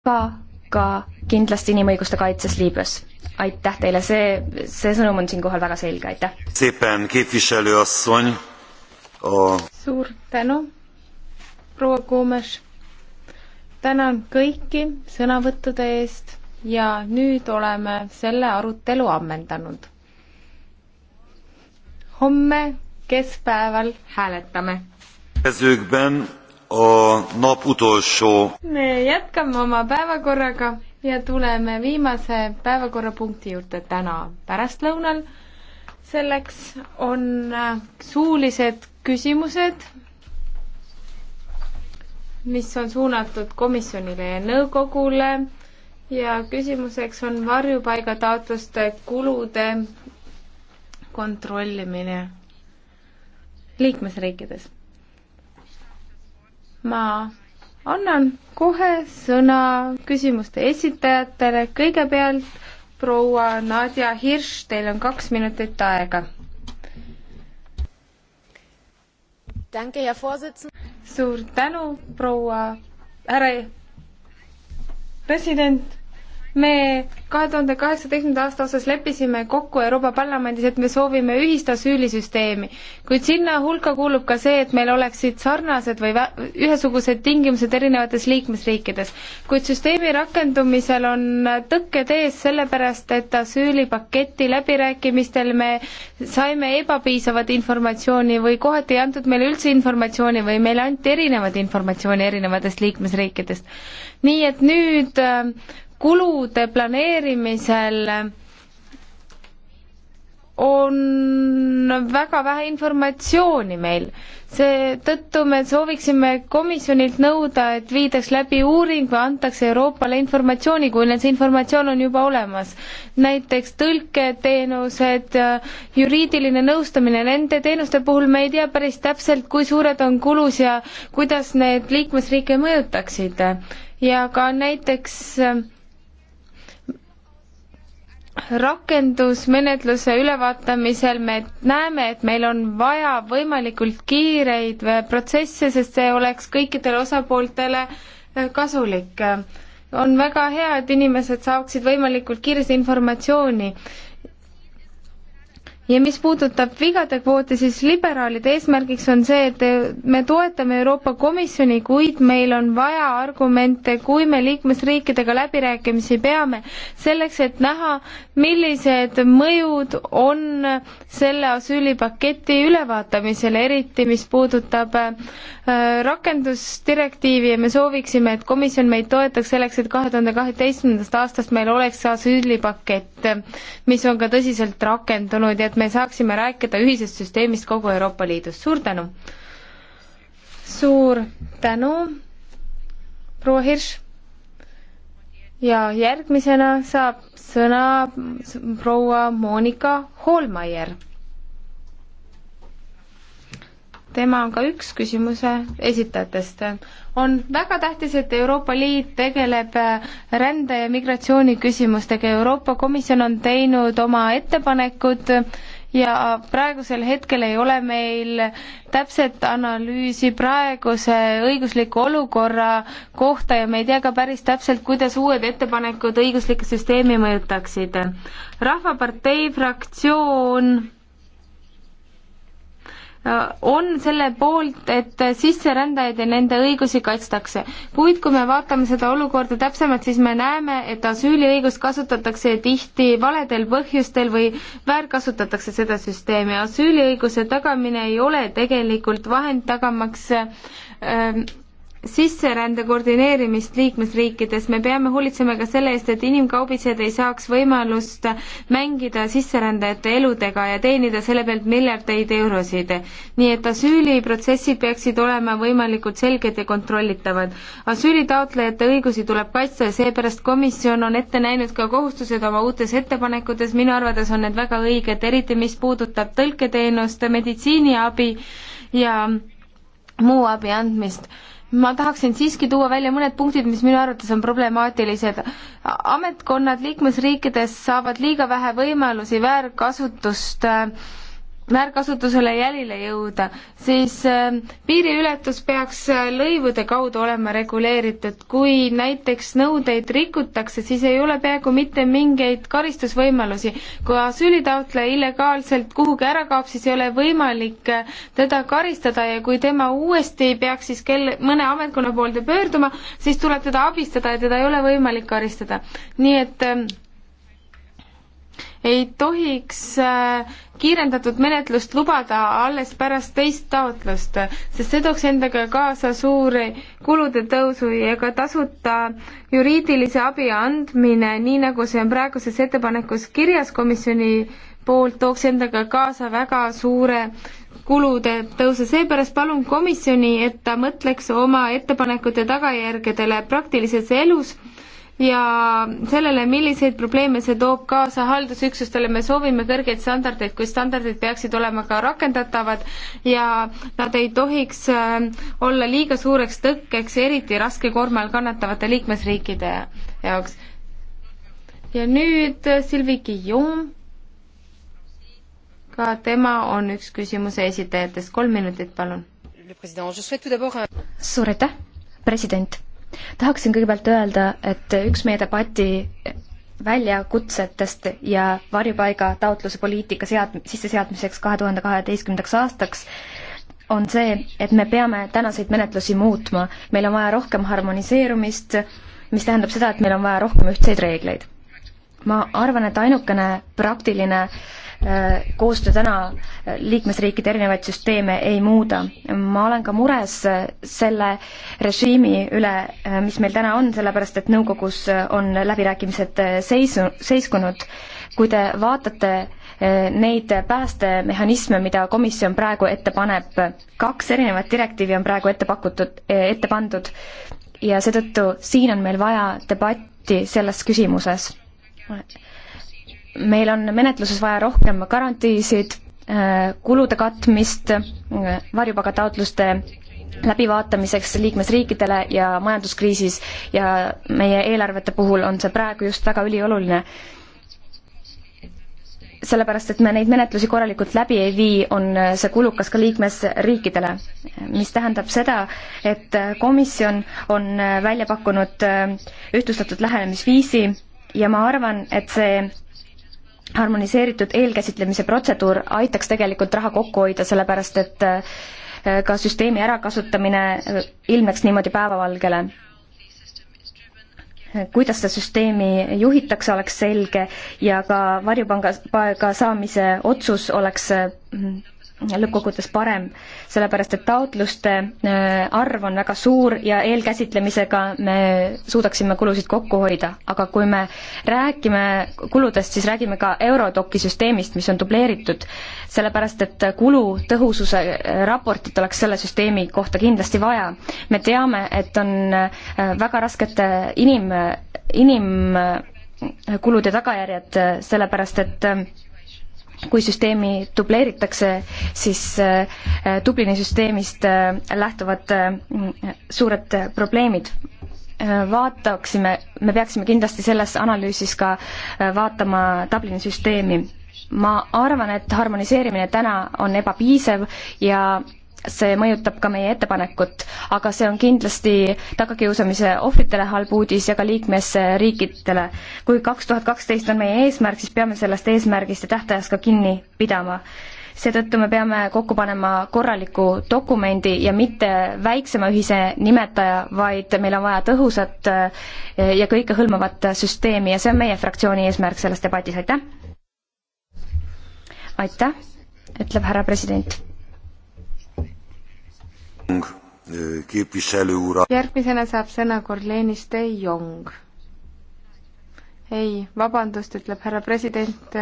aga ka kindlasti inimõiguste kaitses Liibüas. aitäh teile, see, see sõnum on siinkohal väga selge, aitäh! suur tänu, proua Kuumes! tänan kõiki sõnavõttude eest ja nüüd oleme selle arutelu ammendanud. homme keskpäeval hääletame nap utolsó. me jätkame oma päevakorraga ja tuleme viimase päevakorrapunkti juurde täna pärastlõunal. selleks on äh, suulised küsimused, mis on suunatud komisjonile ja nõukogule ja küsimuseks on varjupaigataotluste kulude kontrollimine liikmesriikides ma annan kohe sõna küsimuste esitajatele, kõigepealt proua Nadja Hirš, teil on kaks minutit aega. suur tänu, proua härra president me kahe tuhande kaheksateistkümnenda aasta osas leppisime kokku Euroopa Parlamendis, et me soovime ühist asüülisüsteemi, kuid sinna hulka kuulub ka see, et meil oleksid sarnased või ühesugused tingimused erinevates liikmesriikides. kuid süsteemi rakendumisel on tõkked ees, sellepärast et asüülipaketi läbirääkimistel me saime ebapiisavat informatsiooni või kohati ei antud meile üldse informatsiooni või meile anti erinevat informatsiooni erinevatest liikmesriikidest. nii et nüüd äh, kulude planeerimisel on väga vähe informatsiooni meil. seetõttu me sooviksime komisjonilt nõuda, et viidaks läbi uuring või antaks Euroopale informatsiooni, kui neil see informatsioon on juba olemas. näiteks tõlketeenused, juriidiline nõustamine, nende teenuste puhul me ei tea päris täpselt, kui suured on kulus ja kuidas need liikmesriike mõjutaksid. ja ka näiteks rakendusmenetluse ülevaatamisel me näeme, et meil on vaja võimalikult kiireid äh, protsesse, sest see oleks kõikidele osapooltele äh, kasulik. on väga hea, et inimesed saaksid võimalikult kiiresti informatsiooni ja mis puudutab vigade kvooti, siis liberaalide eesmärgiks on see, et me toetame Euroopa Komisjoni, kuid meil on vaja argumente, kui me liikmesriikidega läbirääkimisi peame, selleks et näha, millised mõjud on selle asüülipaketi ülevaatamisel, eriti mis puudutab äh, rakendusdirektiivi ja me sooviksime, et komisjon meid toetaks selleks, et kahe tuhande kaheteistkümnendast aastast meil oleks asüülipakett, mis on ka tõsiselt rakendunud ja et me saaksime rääkida ühisest süsteemist kogu Euroopa Liidus. suur tänu! suur tänu, proua Hirš! ja järgmisena saab sõna proua Monika Hoolmeier tema on ka üks küsimuse esitajatest. on väga tähtis, et Euroopa Liit tegeleb äh, rände- ja migratsiooniküsimustega, Euroopa Komisjon on teinud oma ettepanekud ja praegusel hetkel ei ole meil täpset analüüsi praeguse õigusliku olukorra kohta ja me ei tea ka päris täpselt, kuidas uued ettepanekud õiguslikku süsteemi mõjutaksid. rahvapartei fraktsioon Äh, on selle poolt, et sisserändajaid ja nende õigusi kaitstakse. kuid kui me vaatame seda olukorda täpsemalt, siis me näeme, et asüüliõigust kasutatakse tihti valedel põhjustel või väärkasutatakse seda süsteemi. asüüliõiguse tagamine ei ole tegelikult vahend tagamaks ähm, sisserände koordineerimist liikmesriikides, me peame hoolitsema ka selle eest, et inimkaubitsejad ei saaks võimalust mängida sisserändajate eludega ja teenida selle pealt miljardeid eurosid. nii et asüüliprotsessid peaksid olema võimalikult selged ja kontrollitavad. asüülitaotlejate õigusi tuleb kaitsta ja seepärast komisjon on ette näinud ka kohustused oma uutes ettepanekutes, minu arvates on need väga õiged, eriti mis puudutab tõlketeenust, meditsiiniabi ja muu abi andmist ma tahaksin siiski tuua välja mõned punktid, mis minu arvates on problemaatilised. ametkonnad liikmesriikides saavad liiga vähe võimalusi väärkasutust äh, väärkasutusele jälile jõuda, siis ähm, piiriületus peaks äh, lõivude kaudu olema reguleeritud. kui näiteks nõudeid rikutakse, siis ei ole peaaegu mitte mingeid karistusvõimalusi. kui asüülitaotleja illegaalselt kuhugi ära kaob, siis ei ole võimalik äh, teda karistada ja kui tema uuesti peaks siis kelle, mõne ametkonna poolde pöörduma, siis tuleb teda abistada ja teda ei ole võimalik karistada. nii et ähm, ei tohiks äh, kiirendatud menetlust lubada alles pärast teist taotlust, sest see tooks endaga kaasa suuri kulude tõusu ja ka tasuta juriidilise abi andmine, nii nagu see on praeguses ettepanekus kirjas komisjoni poolt, tooks endaga kaasa väga suure kulude tõuse, seepärast palun komisjoni, et ta mõtleks oma ettepanekute tagajärgedele praktilises elus ja sellele, milliseid probleeme see toob kaasa haldusüksustele, me soovime kõrgeid standardeid, kui standardid peaksid olema ka rakendatavad ja nad ei tohiks äh, olla liiga suureks tõkkeks, eriti raske koorma all kannatavate liikmesriikide jaoks. ja nüüd äh, Silvi Kijum, ka tema on üks küsimuse esitajatest, kolm minutit, palun. suur aitäh, president tahaksin kõigepealt öelda, et üks meie debati väljakutsetest ja varjupaiga taotluse poliitika sead-, sisseseadmiseks kahe tuhande kaheteistkümnendaks aastaks on see, et me peame tänaseid menetlusi muutma. meil on vaja rohkem harmoniseerumist, mis tähendab seda, et meil on vaja rohkem ühtseid reegleid. ma arvan, et ainukene praktiline äh, Äh, koostöö täna liikmesriikide erinevaid süsteeme ei muuda. ma olen ka mures äh, selle režiimi üle, äh, mis meil täna on, sellepärast et nõukogus on läbirääkimised seisu, seiskunud. kui te vaatate neid päästemehhanisme, mida komisjon praegu ette paneb, kaks erinevat direktiivi on praegu ette pakutud, ette pandud ja seetõttu siin on meil vaja debatti selles küsimuses meil on menetluses vaja rohkem garantiisid, äh, kulude katmist äh, varjupaigataotluste läbivaatamiseks liikmesriikidele ja majanduskriisis ja meie eelarvete puhul on see praegu just väga ülioluline. sellepärast, et me neid menetlusi korralikult läbi ei vii, on äh, see kulukas ka liikmesriikidele, mis tähendab seda, et komisjon on välja pakkunud ühtlustatud lähenemisviisi ja ma arvan, et see harmoniseeritud eelkäsitlemise protseduur aitaks tegelikult raha kokku hoida, sellepärast et äh, ka süsteemi ärakasutamine äh, ilmneks niimoodi päevavalgele. kuidas seda süsteemi juhitakse, oleks selge ja ka varjupanga, paiga saamise otsus oleks äh, lõppkokkuvõttes parem, sellepärast et taotluste äh, arv on väga suur ja eelkäsitlemisega me suudaksime kulusid kokku hoida, aga kui me räägime kuludest, siis räägime ka Eurodoci süsteemist, mis on dubleeritud, sellepärast et kulutõhususe äh, raportit oleks selle süsteemi kohta kindlasti vaja. me teame, et on äh, väga raskete inim, inimkulude tagajärjed, sellepärast et kui süsteemi dubleeritakse, siis äh, Dublini süsteemist äh, lähtuvad äh, suured probleemid. vaataksime, me peaksime kindlasti selles analüüsis ka vaatama Dublini süsteemi. ma arvan, et harmoniseerimine täna on ebapiisav ja see mõjutab ka meie ettepanekut, aga see on kindlasti tagakiusamise ohvritele halb uudis ja ka liikmesriikidele. kui kaks tuhat kaksteist on meie eesmärk, siis peame sellest eesmärgist ja tähtajast ka kinni pidama. seetõttu me peame kokku panema korraliku dokumendi ja mitte väiksema ühise nimetaja, vaid meil on vaja tõhusat eh, ja kõikehõlmavat süsteemi ja see on meie fraktsiooni eesmärk selles debatis, aitäh! aitäh, ütleb härra president järgmisena saab sõna Korlenis de Jong. ei, vabandust, ütleb härra president.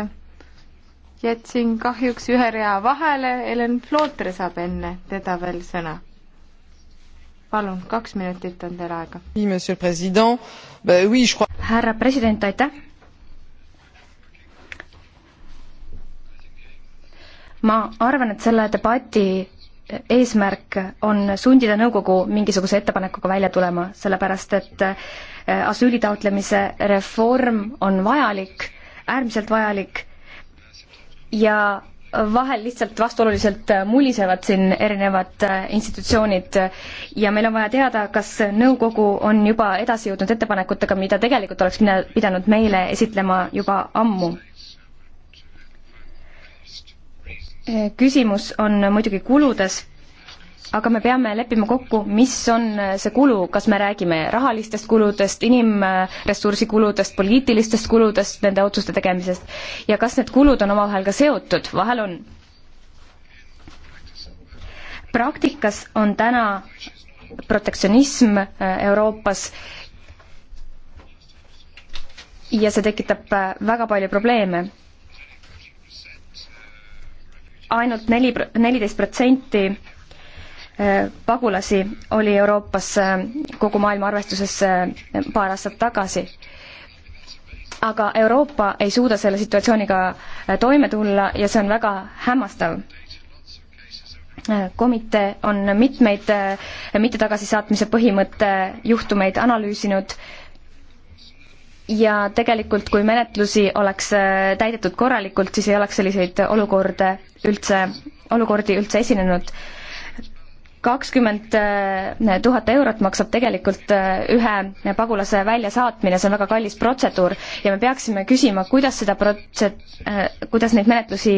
jätsin kahjuks ühe rea vahele, Helen Flootre saab enne teda veel sõna. palun, kaks minutit on teil aega. härra president, aitäh ma arvan, et selle debati eesmärk on sundida nõukogu mingisuguse ettepanekuga välja tulema, sellepärast et äh, asüüli taotlemise reform on vajalik, äärmiselt vajalik ja vahel lihtsalt vastuoluliselt äh, mulisevad siin erinevad äh, institutsioonid ja meil on vaja teada, kas nõukogu on juba edasi jõudnud ettepanekutega, mida tegelikult oleks pidanud meile esitlema juba ammu. küsimus on muidugi kuludes, aga me peame leppima kokku, mis on see kulu, kas me räägime rahalistest kuludest, inimressursi kuludest, poliitilistest kuludest, nende otsuste tegemisest ja kas need kulud on omavahel ka seotud, vahel on. praktikas on täna protektsionism äh, Euroopas ja see tekitab äh, väga palju probleeme ainult neli, neliteist protsenti äh, pagulasi oli Euroopas äh, kogu maailma arvestuses äh, paar aastat tagasi. aga Euroopa ei suuda selle situatsiooniga toime tulla ja see on väga hämmastav. komitee on mitmeid mitte tagasisaatmise põhimõtte juhtumeid analüüsinud ja tegelikult, kui menetlusi oleks täidetud korralikult, siis ei oleks selliseid olukordi üldse, olukordi üldse esinenud. kakskümmend eh, tuhat eurot maksab tegelikult eh, ühe pagulase väljasaatmine, see on väga kallis protseduur ja me peaksime küsima, kuidas seda protse-, eh, kuidas neid menetlusi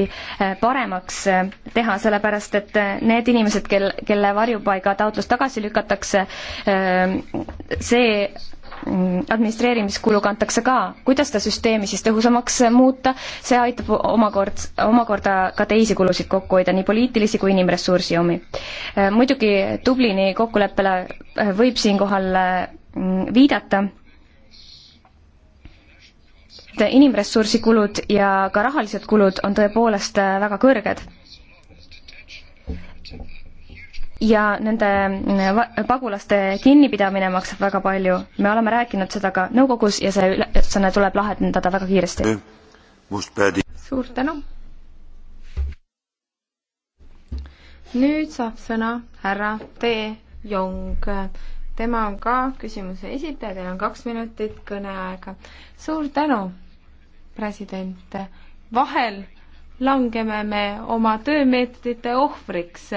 paremaks teha, sellepärast et need inimesed, kel, kelle varjupaiga taotlus tagasi lükatakse, see Mm, administreerimiskulu kantakse ka, kuidas seda süsteemi siis tõhusamaks muuta, see aitab omakord, omakorda ka teisi kulusid kokku hoida, nii poliitilisi kui inimressursi omi. Äh, muidugi Dublini kokkuleppele äh, võib siinkohal mm, viidata, inimressursi kulud ja ka rahalised kulud on tõepoolest äh, väga kõrged ja nende mm, pagulaste kinnipidamine maksab väga palju. me oleme rääkinud seda ka nõukogus ja see ülesanne tuleb lahendada väga kiiresti. suur tänu. nüüd saab sõna härra T Jong. tema on ka küsimuse esitaja, teil on kaks minutit kõneaega. suur tänu, president. vahel langeme me oma töömeetodite ohvriks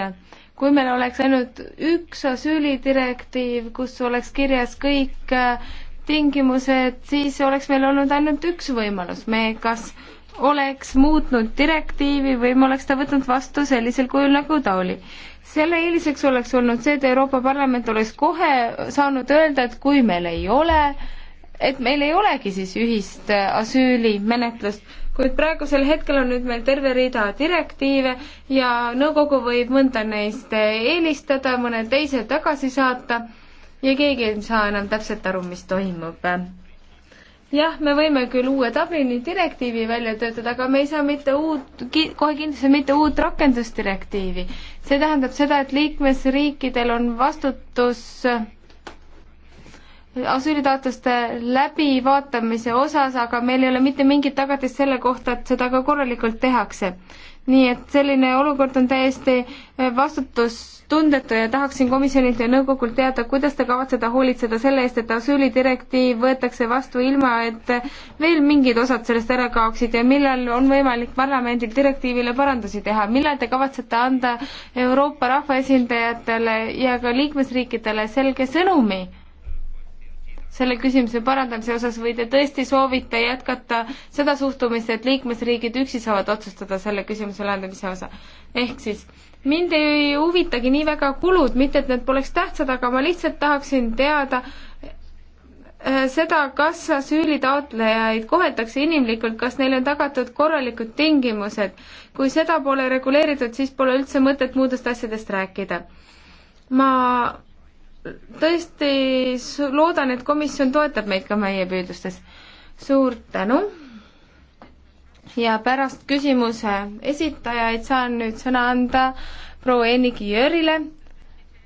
kui meil oleks ainult üks asüülidirektiiv, kus oleks kirjas kõik äh, tingimused, siis oleks meil olnud ainult üks võimalus, me kas oleks muutnud direktiivi või me oleks ta võtnud vastu sellisel kujul, nagu ta oli. selle eeliseks oleks olnud see, et Euroopa Parlament oleks kohe saanud öelda, et kui meil ei ole, et meil ei olegi siis ühist äh, asüülimenetlust kuid praegusel hetkel on nüüd meil terve rida direktiive ja nõukogu võib mõnda neist eelistada, mõne teise tagasi saata ja keegi ei saa enam täpselt aru, mis toimub. jah, me võime küll uue Dublini direktiivi välja töötada, aga me ei saa mitte uut, kohe kindlasti mitte uut rakendusdirektiivi. see tähendab seda, et liikmesriikidel on vastutus äh, asüülitaotluste läbivaatamise osas, aga meil ei ole mitte mingit tagatist selle kohta, et seda ka korralikult tehakse. nii et selline olukord on täiesti eh, vastutustundetu ja tahaksin komisjonilt ja nõukogult teada, kuidas te kavatsete hoolitseda selle eest, et asüülidirektiiv võetakse vastu ilma, et eh, veel mingid osad sellest ära kaoksid ja millal on võimalik parlamendil direktiivile parandusi teha, millal te kavatsete anda Euroopa rahvaesindajatele ja ka liikmesriikidele selge sõnumi selle küsimuse parandamise osas või te tõesti soovite jätkata seda suhtumist, et liikmesriigid üksi saavad otsustada selle küsimuse lahendamise osa? ehk siis mind ei huvitagi nii väga kulud, mitte et need poleks tähtsad, aga ma lihtsalt tahaksin teada äh, seda, kas asüülitaotlejaid koheldakse inimlikult, kas neile on tagatud korralikud tingimused. kui seda pole reguleeritud, siis pole üldse mõtet muudest asjadest rääkida. ma tõesti loodan, et komisjon toetab meid ka meie püüdlustes. suur tänu. ja pärast küsimuse esitajaid saan nüüd sõna anda proua Enniki Jõrile,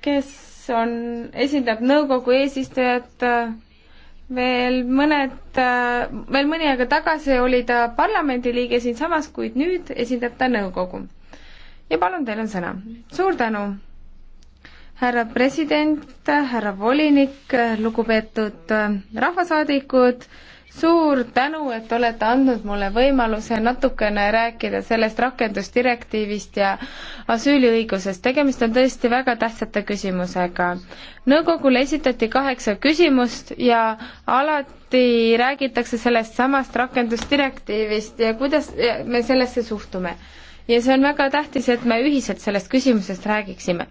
kes on, esindab nõukogu eesistujat veel mõned, veel mõni aeg tagasi oli ta parlamendiliige siinsamas, kuid nüüd esindab ta nõukogu. ja palun, teil on sõna. suur tänu härra president, härra volinik, lugupeetud äh, rahvasaadikud, suur tänu, et olete andnud mulle võimaluse natukene rääkida sellest rakendusdirektiivist ja asüüliõigusest. tegemist on tõesti väga tähtsate küsimusega. nõukogule esitati kaheksa küsimust ja alati räägitakse sellest samast rakendusdirektiivist ja kuidas me sellesse suhtume. ja see on väga tähtis, et me ühiselt sellest küsimusest räägiksime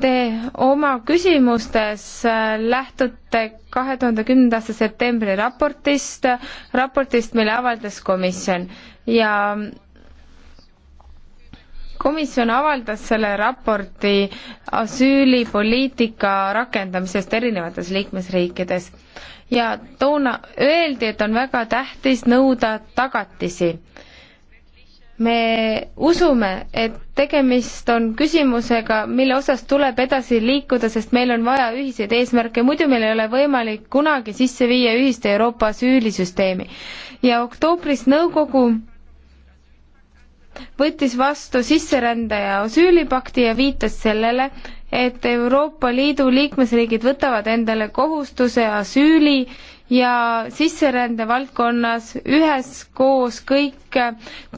Te oma küsimustes äh, lähtute kahe tuhande kümnenda aasta septembri raportist, raportist, mille avaldas komisjon ja komisjon avaldas selle raporti asüülipoliitika rakendamisest erinevates liikmesriikides ja toona öeldi, et on väga tähtis nõuda tagatisi me usume, et tegemist on küsimusega, mille osas tuleb edasi liikuda, sest meil on vaja ühiseid eesmärke, muidu meil ei ole võimalik kunagi sisse viia ühist Euroopa asüülisüsteemi. ja oktoobris nõukogu võttis vastu sisserände ja asüülipakti ja viitas sellele, et Euroopa Liidu liikmesriigid võtavad endale kohustuse asüüli ja sisserände valdkonnas üheskoos kõik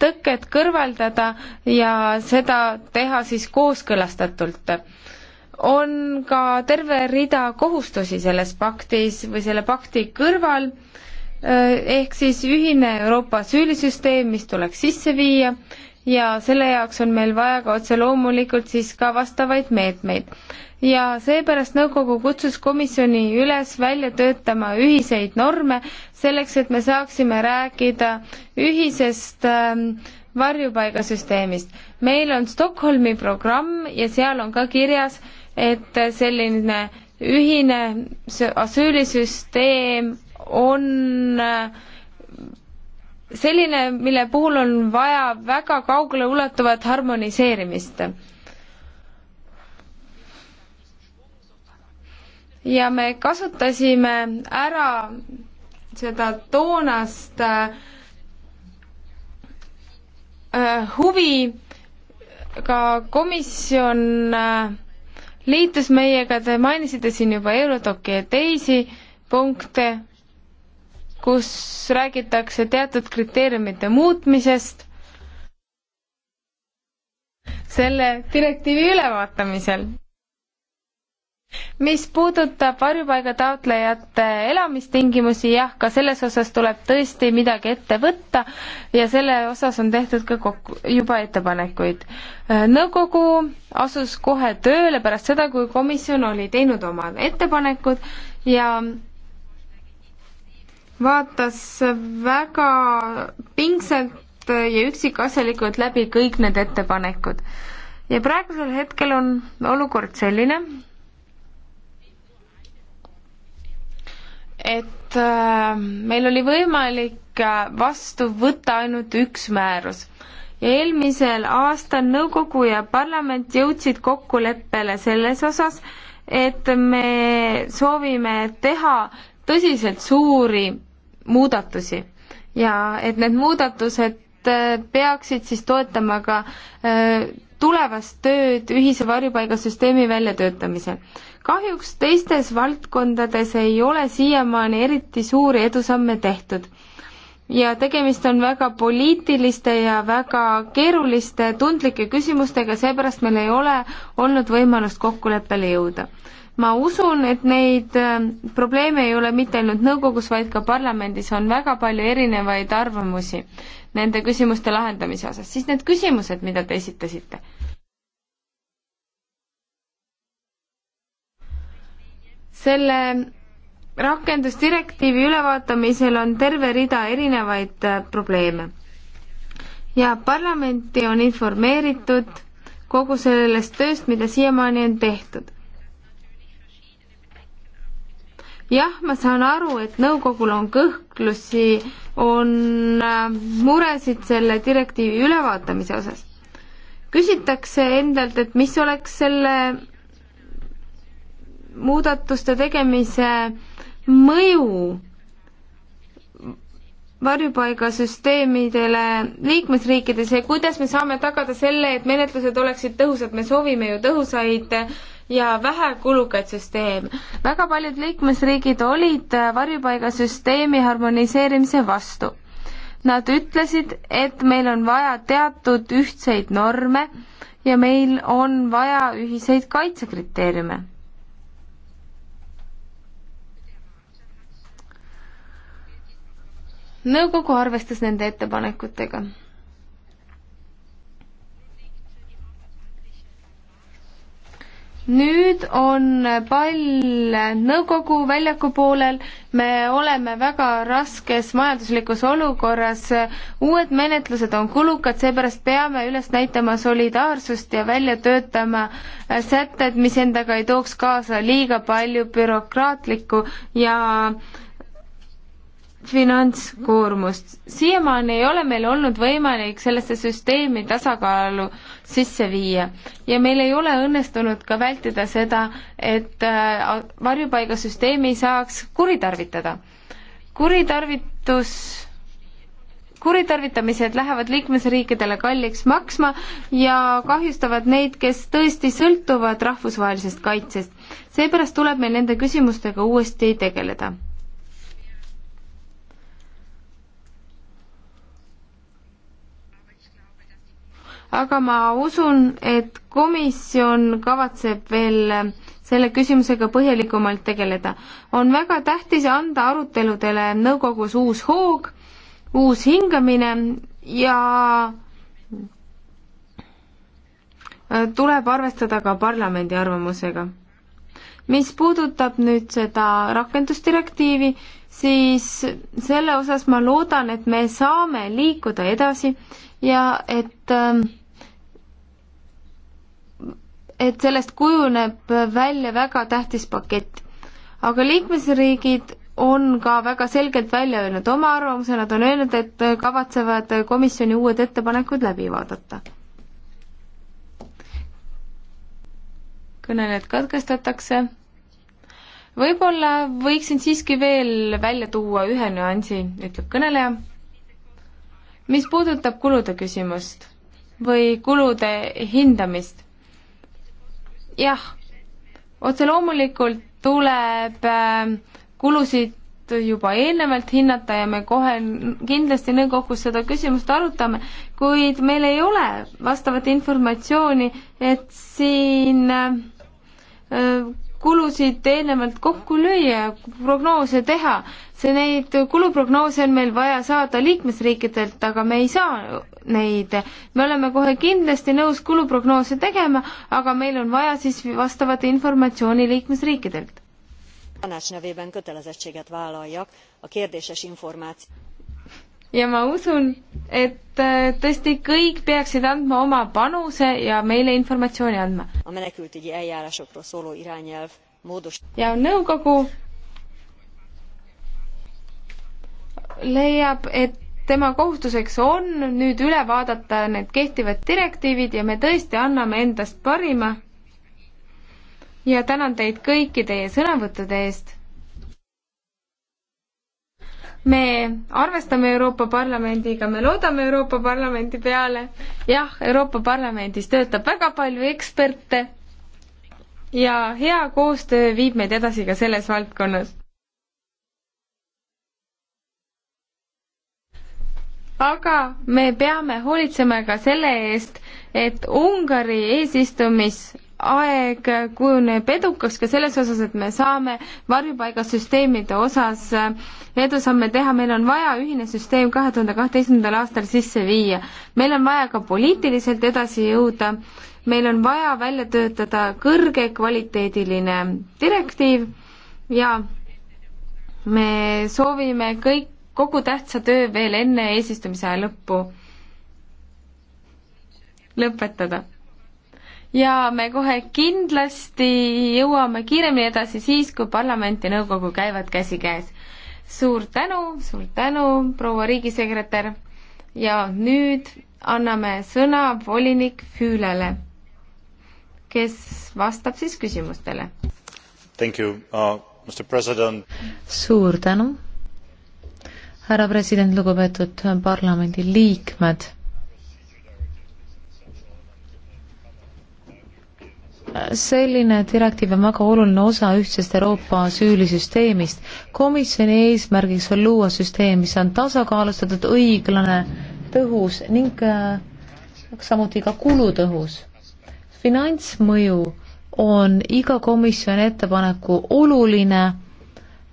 tõkked kõrvaldada ja seda teha siis kooskõlastatult. on ka terve rida kohustusi selles paktis või selle pakti kõrval, eh, ehk siis ühine Euroopa asüülisüsteem, mis tuleks sisse viia ja selle jaoks on meil vaja ka otse loomulikult siis ka vastavaid meetmeid ja seepärast nõukogu kutsus komisjoni üles välja töötama ühiseid norme selleks, et me saaksime rääkida ühisest ähm, varjupaigasüsteemist. meil on Stockholmi programm ja seal on ka kirjas, et selline ühine asüülisüsteem on äh, selline, mille puhul on vaja väga kaugele ulatuvat harmoniseerimist ja me kasutasime ära seda toonast äh, huvi, ka komisjon äh, liitus meiega, te mainisite siin juba Eurotoki ja teisi punkte, kus räägitakse teatud kriteeriumite muutmisest selle direktiivi ülevaatamisel mis puudutab varjupaiga taotlejate elamistingimusi, jah, ka selles osas tuleb tõesti midagi ette võtta ja selle osas on tehtud ka kokku, juba ettepanekuid. Äh, nõukogu asus kohe tööle pärast seda, kui komisjon oli teinud oma ettepanekud ja vaatas väga pingsalt ja üksikasjalikult läbi kõik need ettepanekud. ja praegusel hetkel on olukord selline, et äh, meil oli võimalik äh, vastu võtta ainult üks määrus ja eelmisel aastal nõukogu ja parlament jõudsid kokkuleppele selles osas, et me soovime teha tõsiselt suuri muudatusi ja et need muudatused äh, peaksid siis toetama ka tulevast tööd ühise varjupaigasüsteemi väljatöötamisel kahjuks teistes valdkondades ei ole siiamaani eriti suuri edusamme tehtud. ja tegemist on väga poliitiliste ja väga keeruliste tundlike küsimustega, seepärast meil ei ole olnud võimalust kokkuleppele jõuda ma usun, et neid äh, probleeme ei ole mitte ainult nõukogus, vaid ka parlamendis on väga palju erinevaid arvamusi nende küsimuste lahendamise osas. siis need küsimused, mida te esitasite selle rakendusdirektiivi ülevaatamisel on terve rida erinevaid äh, probleeme ja parlamenti on informeeritud kogu sellest tööst, mida siiamaani on tehtud. jah, ma saan aru, et nõukogul on kõhklusi, on äh, muresid selle direktiivi ülevaatamise osas. küsitakse endalt, et mis oleks selle muudatuste tegemise mõju varjupaigasüsteemidele liikmesriikides ja kuidas me saame tagada selle, et menetlused oleksid tõhusad, me soovime ju tõhusaid ja vähekulukaid süsteeme. väga paljud liikmesriigid olid varjupaigasüsteemi harmoniseerimise vastu. Nad ütlesid, et meil on vaja teatud ühtseid norme ja meil on vaja ühiseid kaitsekriteeriume nõukogu arvestas nende ettepanekutega. nüüd on pall nõukogu väljaku poolel, me oleme väga raskes majanduslikus olukorras, uued menetlused on kulukad, seepärast peame üles näitama solidaarsust ja välja töötama sätted, mis endaga ei tooks kaasa liiga palju bürokraatlikku ja äh, finantskoormust. siiamaani ei ole meil olnud võimalik sellesse süsteemi tasakaalu sisse viia ja meil ei ole õnnestunud ka vältida seda, et äh, varjupaigasüsteemi saaks kuritarvitada. kuritarvitus kuritarvitamised lähevad liikmesriikidele kalliks maksma ja kahjustavad neid, kes tõesti sõltuvad rahvusvahelisest kaitsest. seepärast tuleb meil nende küsimustega uuesti tegeleda aga ma usun, et komisjon kavatseb veel selle küsimusega põhjalikumalt tegeleda. on väga tähtis anda aruteludele nõukogus uus hoog, uus hingamine ja tuleb arvestada ka parlamendi arvamusega. mis puudutab nüüd seda rakendusdirektiivi, siis selle osas ma loodan, et me saame liikuda edasi ja et äh, et sellest kujuneb välja väga tähtis pakett. aga liikmesriigid on ka väga selgelt välja öelnud oma arvamuse, nad on öelnud, et kavatsevad komisjoni uued ettepanekud läbi vaadata. kõnelejad katkestatakse. võib-olla võiksin siiski veel välja tuua ühe nüansi, ütleb kõneleja. mis puudutab kulude küsimust või kulude hindamist jah, otse loomulikult tuleb äh, kulusid juba eelnevalt hinnata ja me kohe kindlasti nõukogus seda küsimust arutame, kuid meil ei ole vastavat informatsiooni, et siin äh, kulusid eelnevalt kokku lüüa, prognoose teha. see, neid kuluprognoose on meil vaja saada liikmesriikidelt, aga me ei saa neid. me oleme kohe kindlasti nõus kuluprognoose tegema, aga meil on vaja siis vastavat informatsiooni liikmesriikidelt. ja ma usun, et äh, tõesti kõik peaksid andma oma panuse ja meile informatsiooni andma. ja nõukogu leiab, et tema kohustuseks on nüüd üle vaadata need kehtivad direktiivid ja me tõesti anname endast parima. ja tänan teid kõiki teie sõnavõttude eest. me arvestame Euroopa Parlamendiga, me loodame Euroopa Parlamendi peale. jah, Euroopa Parlamendis töötab väga palju eksperte ja hea koostöö viib meid edasi ka selles valdkonnas aga me peame hoolitsema ka selle eest, et Ungari eesistumisaeg kujuneb edukaks ka selles osas, et me saame varjupaigasüsteemide osas edusamme teha, meil on vaja ühine süsteem kahe tuhande kaheteistkümnendal aastal sisse viia. meil on vaja ka poliitiliselt edasi jõuda, meil on vaja välja töötada kõrgekvaliteediline direktiiv ja me soovime kõik kogu tähtsa töö veel enne eesistumise aja lõppu lõpetada. ja me kohe kindlasti jõuame kiiremini edasi siis, kui parlament ja nõukogu käivad käsikäes. suur tänu, suur tänu, proua riigisekretär ja nüüd anname sõna volinik Füülele, kes vastab siis küsimustele. Thank you uh,, Mr President. suur tänu härra president, lugupeetud parlamendi liikmed. selline direktiiv on väga oluline osa ühtsest Euroopa asüülisüsteemist. komisjoni eesmärgiks on luua süsteem, mis on tasakaalustatud, õiglane, tõhus ning äh, samuti ka kulutõhus. finantsmõju on iga komisjoni ettepaneku oluline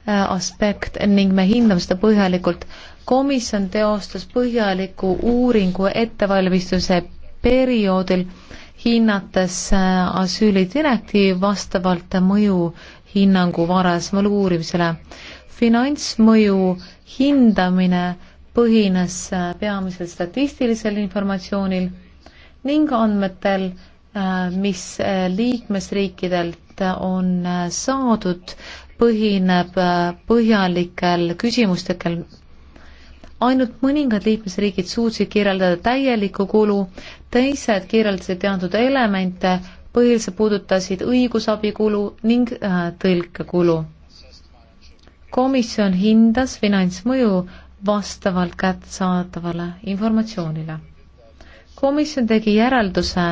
Äh, aspekt ning me hindame seda põhjalikult. komisjon teostas põhjaliku uuringu ettevalmistuse perioodil, hinnates äh, asüülidirektiivi vastavalt mõjuhinnangu varasemale uurimisele. finantsmõju hindamine põhines äh, peamiselt statistilisel informatsioonil ning andmetel, mis liikmesriikidelt on saadud põhineb äh, põhjalikel küsimustekel. ainult mõningad liikmesriigid suutsid kirjeldada täielikku kulu, teised kirjeldasid teatud elemente, põhiliselt puudutasid õigusabikulu ning äh, tõlkekulu. komisjon hindas finantsmõju vastavalt kättesaadavale informatsioonile. komisjon tegi järelduse,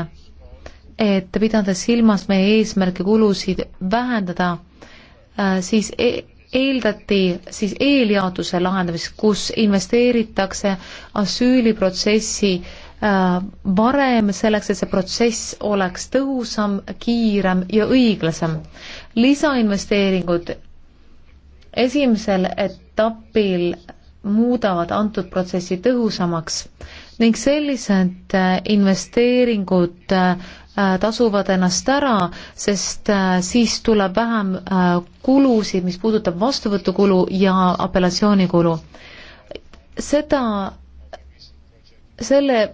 et pidades silmas meie eesmärke kulusid vähendada, Äh, siis e eeldati siis eeljaotuse lahendamist, kus investeeritakse asüüliprotsessi äh, varem selleks, et see protsess oleks tõhusam, kiirem ja õiglasem. lisainvesteeringud esimesel etapil muudavad antud protsessi tõhusamaks ning sellised äh, investeeringud Äh, tasuvad ennast ära, sest äh, siis tuleb vähem äh, kulusid, mis puudutab vastuvõtukulu ja apellatsioonikulu. seda, selle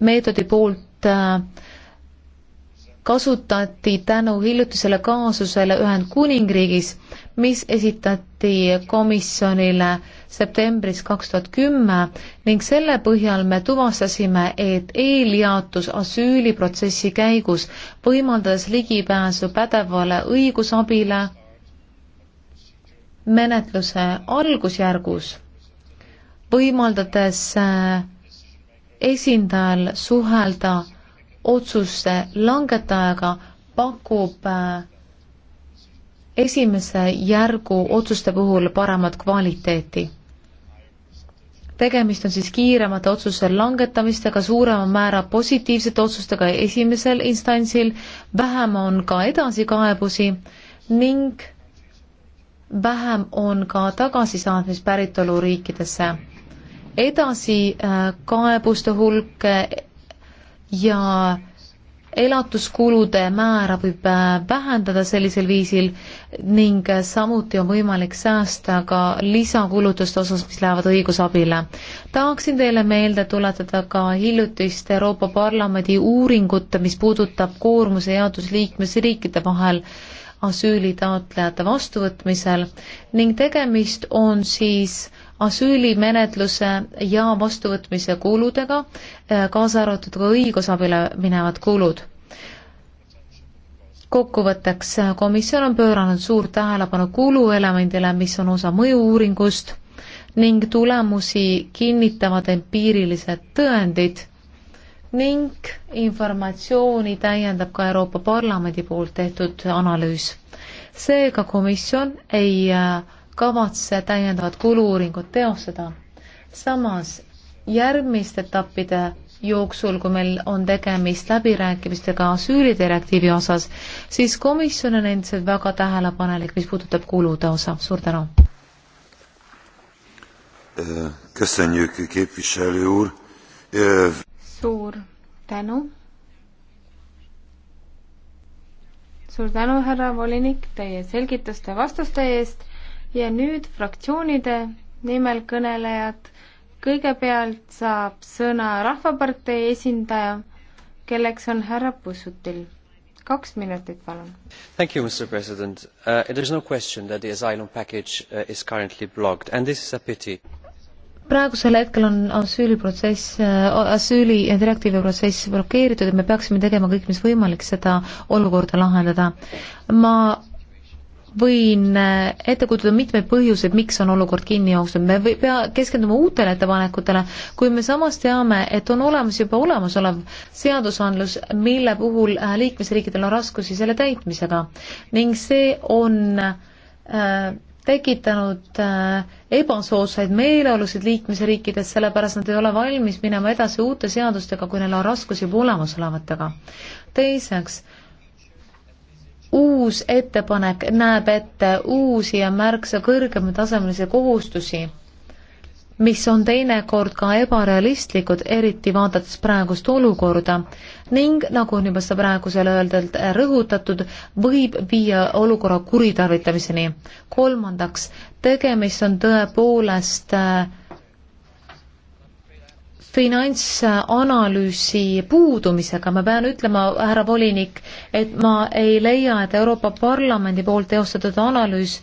meetodi poolt kasutati tänu hiljutisele kaasusele Ühendkuningriigis mis esitati komisjonile septembris kaks tuhat kümme ning selle põhjal me tuvastasime, et eeljaotus asüüliprotsessi käigus, võimaldades ligipääsu pädevale õigusabile menetluse algusjärgus, võimaldades äh, esindajal suhelda otsuste langetajaga, pakub äh, esimese järgu otsuste puhul paremat kvaliteeti. tegemist on siis kiiremate otsuse langetamistega, suurema määra positiivsete otsustega esimesel instantsil, vähem on ka edasikaebusi ning vähem on ka tagasisaatmist päritoluriikidesse. edasikaebuste äh, hulk ja äh, elatuskulude määra võib äh, vähendada sellisel viisil ning äh, samuti on võimalik säästa ka lisakulutuste osas, mis lähevad õigusabile. tahaksin teile meelde tuletada ka hiljutist Euroopa Parlamendi uuringut, mis puudutab koormuse jaotus liikmesriikide vahel asüülitaotlejate vastuvõtmisel ning tegemist on siis asüülimenetluse ja vastuvõtmise kuludega, eh, kaasa arvatud ka õigusabile minevad kulud. kokkuvõtteks, eh, komisjon on pööranud suurt tähelepanu kuluelemendile, mis on osa mõju-uuringust ning tulemusi kinnitavad empiirilised tõendid ning informatsiooni täiendab ka Euroopa Parlamendi poolt tehtud analüüs. seega komisjon ei äh, kavatse täiendavat kulu-uuringut teostada. samas järgmiste etappide jooksul, kui meil on tegemist läbirääkimistega asüülidirektiivi osas, siis komisjon on endiselt väga tähelepanelik, mis puudutab kulude osa. suur tänu. suur tänu. suur tänu, härra volinik, teie selgituste ja vastuste eest ja nüüd fraktsioonide nimel kõnelejad. kõigepealt saab sõna Rahvapartei esindaja, kelleks on härra Pussutil. kaks minutit, palun. Thank you, Mr President uh,. There is no question that the asylum package uh, is currently blocked and this is a pity praegusel hetkel on asüüliprotsess, uh, asüüli direktiivi protsess blokeeritud ja me peaksime tegema kõik, mis võimalik, seda olukorda lahendada. ma võin äh, ette kujutada mitmeid põhjuseid, miks on olukord kinni jooksnud, me või, pea keskenduma uutele ettepanekutele, kui me samas teame, et on olemas juba olemasolev seadusandlus, mille puhul äh, liikmesriikidel on raskusi selle täitmisega ning see on äh, tekitanud äh, ebasoodsaid meeleolusid liikmesriikides, sellepärast nad ei ole valmis minema edasi uute seadustega, kui neil on raskusi juba olemasolevatega. teiseks äh,, uus ettepanek näeb ette uusi ja märksa kõrgematasemelisi kohustusi, mis on teinekord ka ebarealistlikud, eriti vaadates praegust olukorda ning nagu on juba seda praegusel öeldult rõhutatud, võib viia olukorra kuritarvitamiseni. kolmandaks, tegemist on tõepoolest äh, finantsanalüüsi puudumisega, ma pean ütlema, härra volinik, et ma ei leia, et Euroopa Parlamendi poolt teostatud analüüs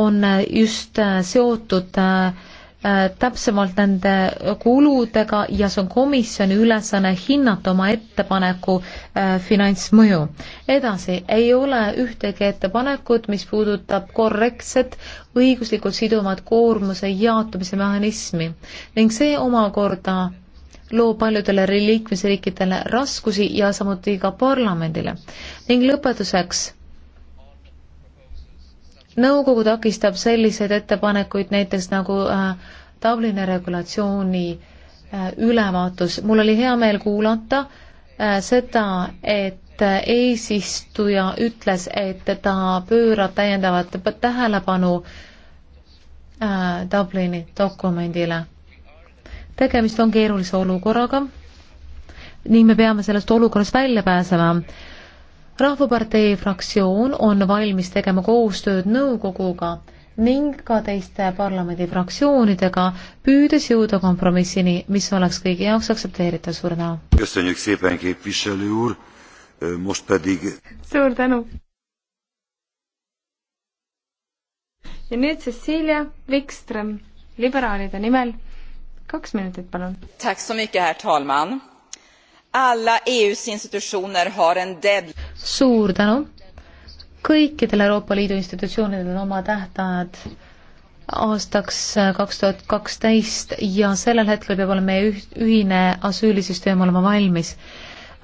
on just äh, seotud äh, äh, täpsemalt nende kuludega ja see on komisjoni ülesanne hinnata oma ettepaneku finantsmõju. edasi, ei ole ühtegi ettepanekut, mis puudutab korrektset õiguslikult siduvat koormuse jaotamise mehhanismi ning see omakorda loob paljudele liikmesriikidele raskusi ja samuti ka parlamendile. ning lõpetuseks, nõukogu takistab selliseid ettepanekuid näiteks nagu äh, Dublini regulatsiooni äh, ülevaatus. mul oli hea meel kuulata äh, seda, et eesistuja ütles, et ta pöörab täiendavat tähelepanu äh, Dublini dokumendile tegemist on keerulise olukorraga ning me peame sellest olukorrast välja pääsema. rahvapartei fraktsioon on valmis tegema koostööd nõukoguga ning ka teiste parlamendifraktsioonidega, püüdes jõuda kompromissini, mis oleks kõigi jaoks aktsepteeritav. suur tänu! suur tänu! ja nüüd Cecilia Wikström liberaalide nimel kaks minutit, palun. E suur tänu. kõikidel Euroopa Liidu institutsioonidel on oma tähtajad aastaks äh, kaks tuhat kaksteist ja sellel hetkel peab olema meie ühine asüülisüsteem olema valmis.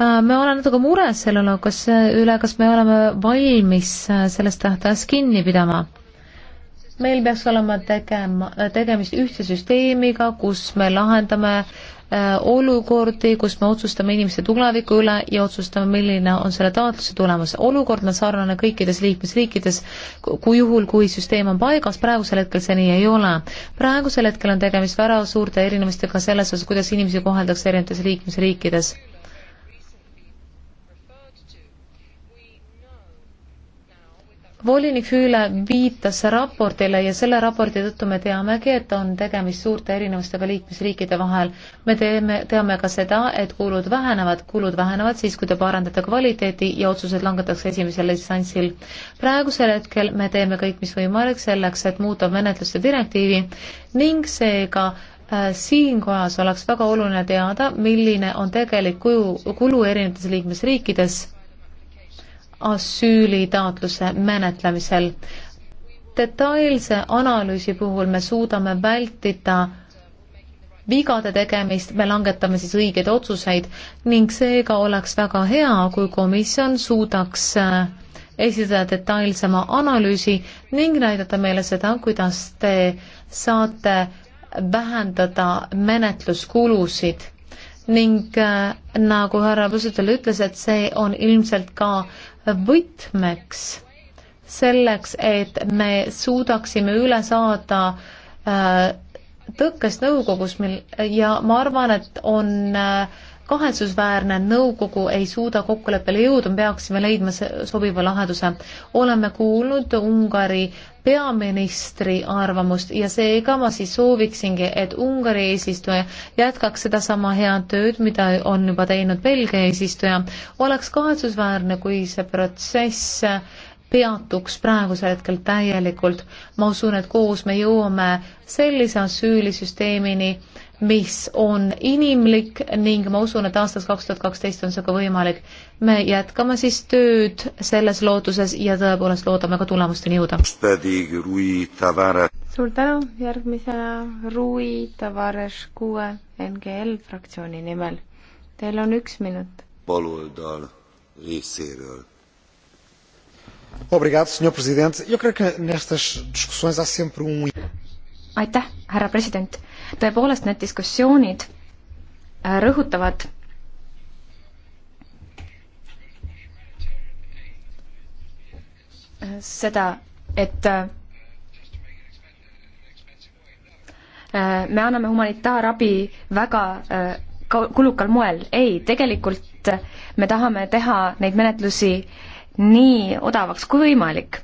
Äh, me oleme natuke mures selle üle, kas, üle, kas me oleme valmis äh, sellest tähtajast kinni pidama meil peaks olema tegema, tegemist ühtse süsteemiga, kus me lahendame äh, olukordi, kus me otsustame inimeste tuleviku üle ja otsustame, milline on selle taotluse tulemus. olukord on sarnane kõikides liikmesriikides, kui juhul, kui süsteem on paigas, praegusel hetkel see nii ei ole. praegusel hetkel on tegemist väga suurte erinevustega selles osas, kuidas inimesi koheldakse erinevates liikmesriikides volinik Füüle viitas raportile ja selle raporti tõttu me teamegi, et on tegemist suurte erinevustega liikmesriikide vahel. me teeme, teame ka seda, et kulud vähenevad, kulud vähenevad siis, kui te parandate kvaliteeti ja otsused langetatakse esimesel instantsil. praegusel hetkel me teeme kõik, mis võimalik selleks, et muuta menetluste direktiivi ning seega äh, siinkohas oleks väga oluline teada, milline on tegelik kuju, kulu erinevates liikmesriikides asüülitaotluse menetlemisel. detailse analüüsi puhul me suudame vältida vigade tegemist, me langetame siis õigeid otsuseid ning seega oleks väga hea, kui komisjon suudaks äh, esitada detailsema analüüsi ning näidata meile seda, kuidas te saate vähendada menetluskulusid ning äh, nagu härra Pusutel ütles, et see on ilmselt ka võtmeks selleks, et me suudaksime üle saada äh, tõkkest nõukogus, mil ja ma arvan, et on äh, kahetsusväärne, nõukogu ei suuda kokkuleppele jõuda, me peaksime leidma sobiva lahenduse. oleme kuulnud Ungari peaministri arvamust ja seega ma siis sooviksingi, et Ungari eesistuja jätkaks sedasama head tööd, mida on juba teinud Belgia eesistuja. oleks kahetsusväärne, kui see protsess peatuks praegusel hetkel täielikult. ma usun, et koos me jõuame sellise asüülisüsteemini, mis on inimlik ning ma usun, et aastast kaks tuhat kaksteist on see ka võimalik. me jätkame siis tööd selles looduses ja tõepoolest loodame ka tulemusteni jõuda. suur tänu, järgmisena Rui Tavares kuue NGL fraktsiooni nimel. Teil on üks minut. baloldal részéről. Obrigado, senhor presidente. Eu creio que nestas discussões há sempre um aitäh, härra president tõepoolest need diskussioonid äh, rõhutavad äh, seda, et äh, me anname humanitaarabi väga kulukal moel. ei, tegelikult me tahame teha neid menetlusi nii odavaks kui võimalik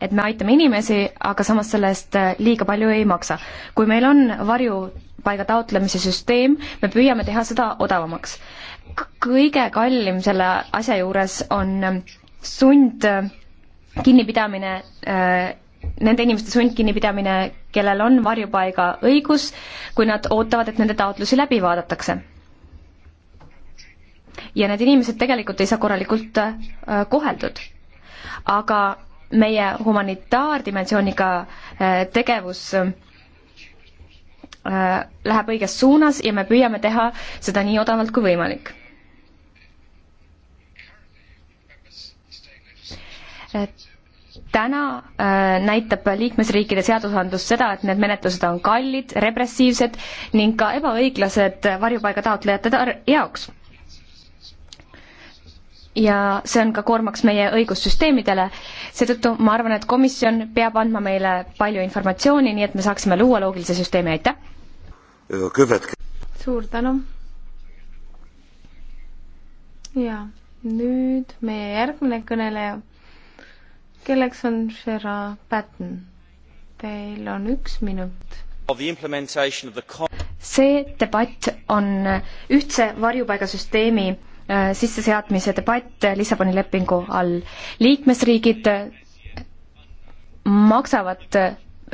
et me aitame inimesi, aga samas selle eest äh, liiga palju ei maksa. kui meil on varjupaiga taotlemise süsteem, me püüame teha seda odavamaks. kõige kallim selle asja juures on äh, äh, sund kinnipidamine, nende inimeste sundkinnipidamine, kellel on varjupaiga õigus, kui nad ootavad, et nende taotlusi läbi vaadatakse ja need inimesed tegelikult ei saa korralikult koheldud. aga meie humanitaardimensiooniga äh, tegevus äh, läheb õiges suunas ja me püüame teha seda nii odavalt kui võimalik. täna äh, näitab liikmesriikide seadusandlus seda, et need menetlused on kallid, repressiivsed ning ka ebaõiglased varjupaiga taotlejate jaoks ja see on ka koormaks meie õigussüsteemidele. seetõttu ma arvan, et komisjon peab andma meile palju informatsiooni, nii et me saaksime luua loogilise süsteemi, aitäh! suur tänu! ja nüüd meie järgmine kõneleja, kelleks on Shera Patten. Teil on üks minut see debatt on ühtse varjupaigasüsteemi Äh, sisseseadmise debatt Lissaboni lepingu all. liikmesriigid maksavad äh,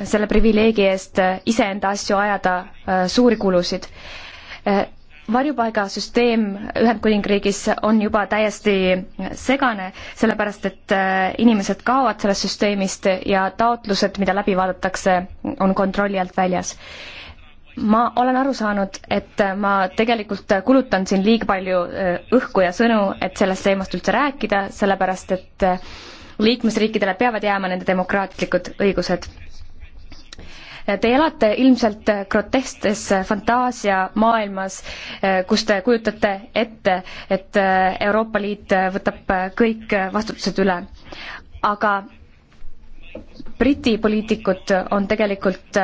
selle privileegi eest äh, iseenda asju ajada suuri kulusid. varjupaigasüsteem Ühendkuningriigis on juba täiesti segane, sellepärast et inimesed kaovad sellest süsteemist ja taotlused, mida läbi vaadatakse, on kontrolli alt väljas ma olen aru saanud, et ma tegelikult kulutan siin liiga palju äh, õhku ja sõnu, et sellest teemast üldse rääkida, sellepärast et äh, liikmesriikidele peavad jääma nende demokraatlikud õigused. Äh, te elate ilmselt groteskses fantaasiamaailmas, kus te kujutate ette, et Euroopa Liit võtab kõik vastutused üle. aga Briti poliitikud on tegelikult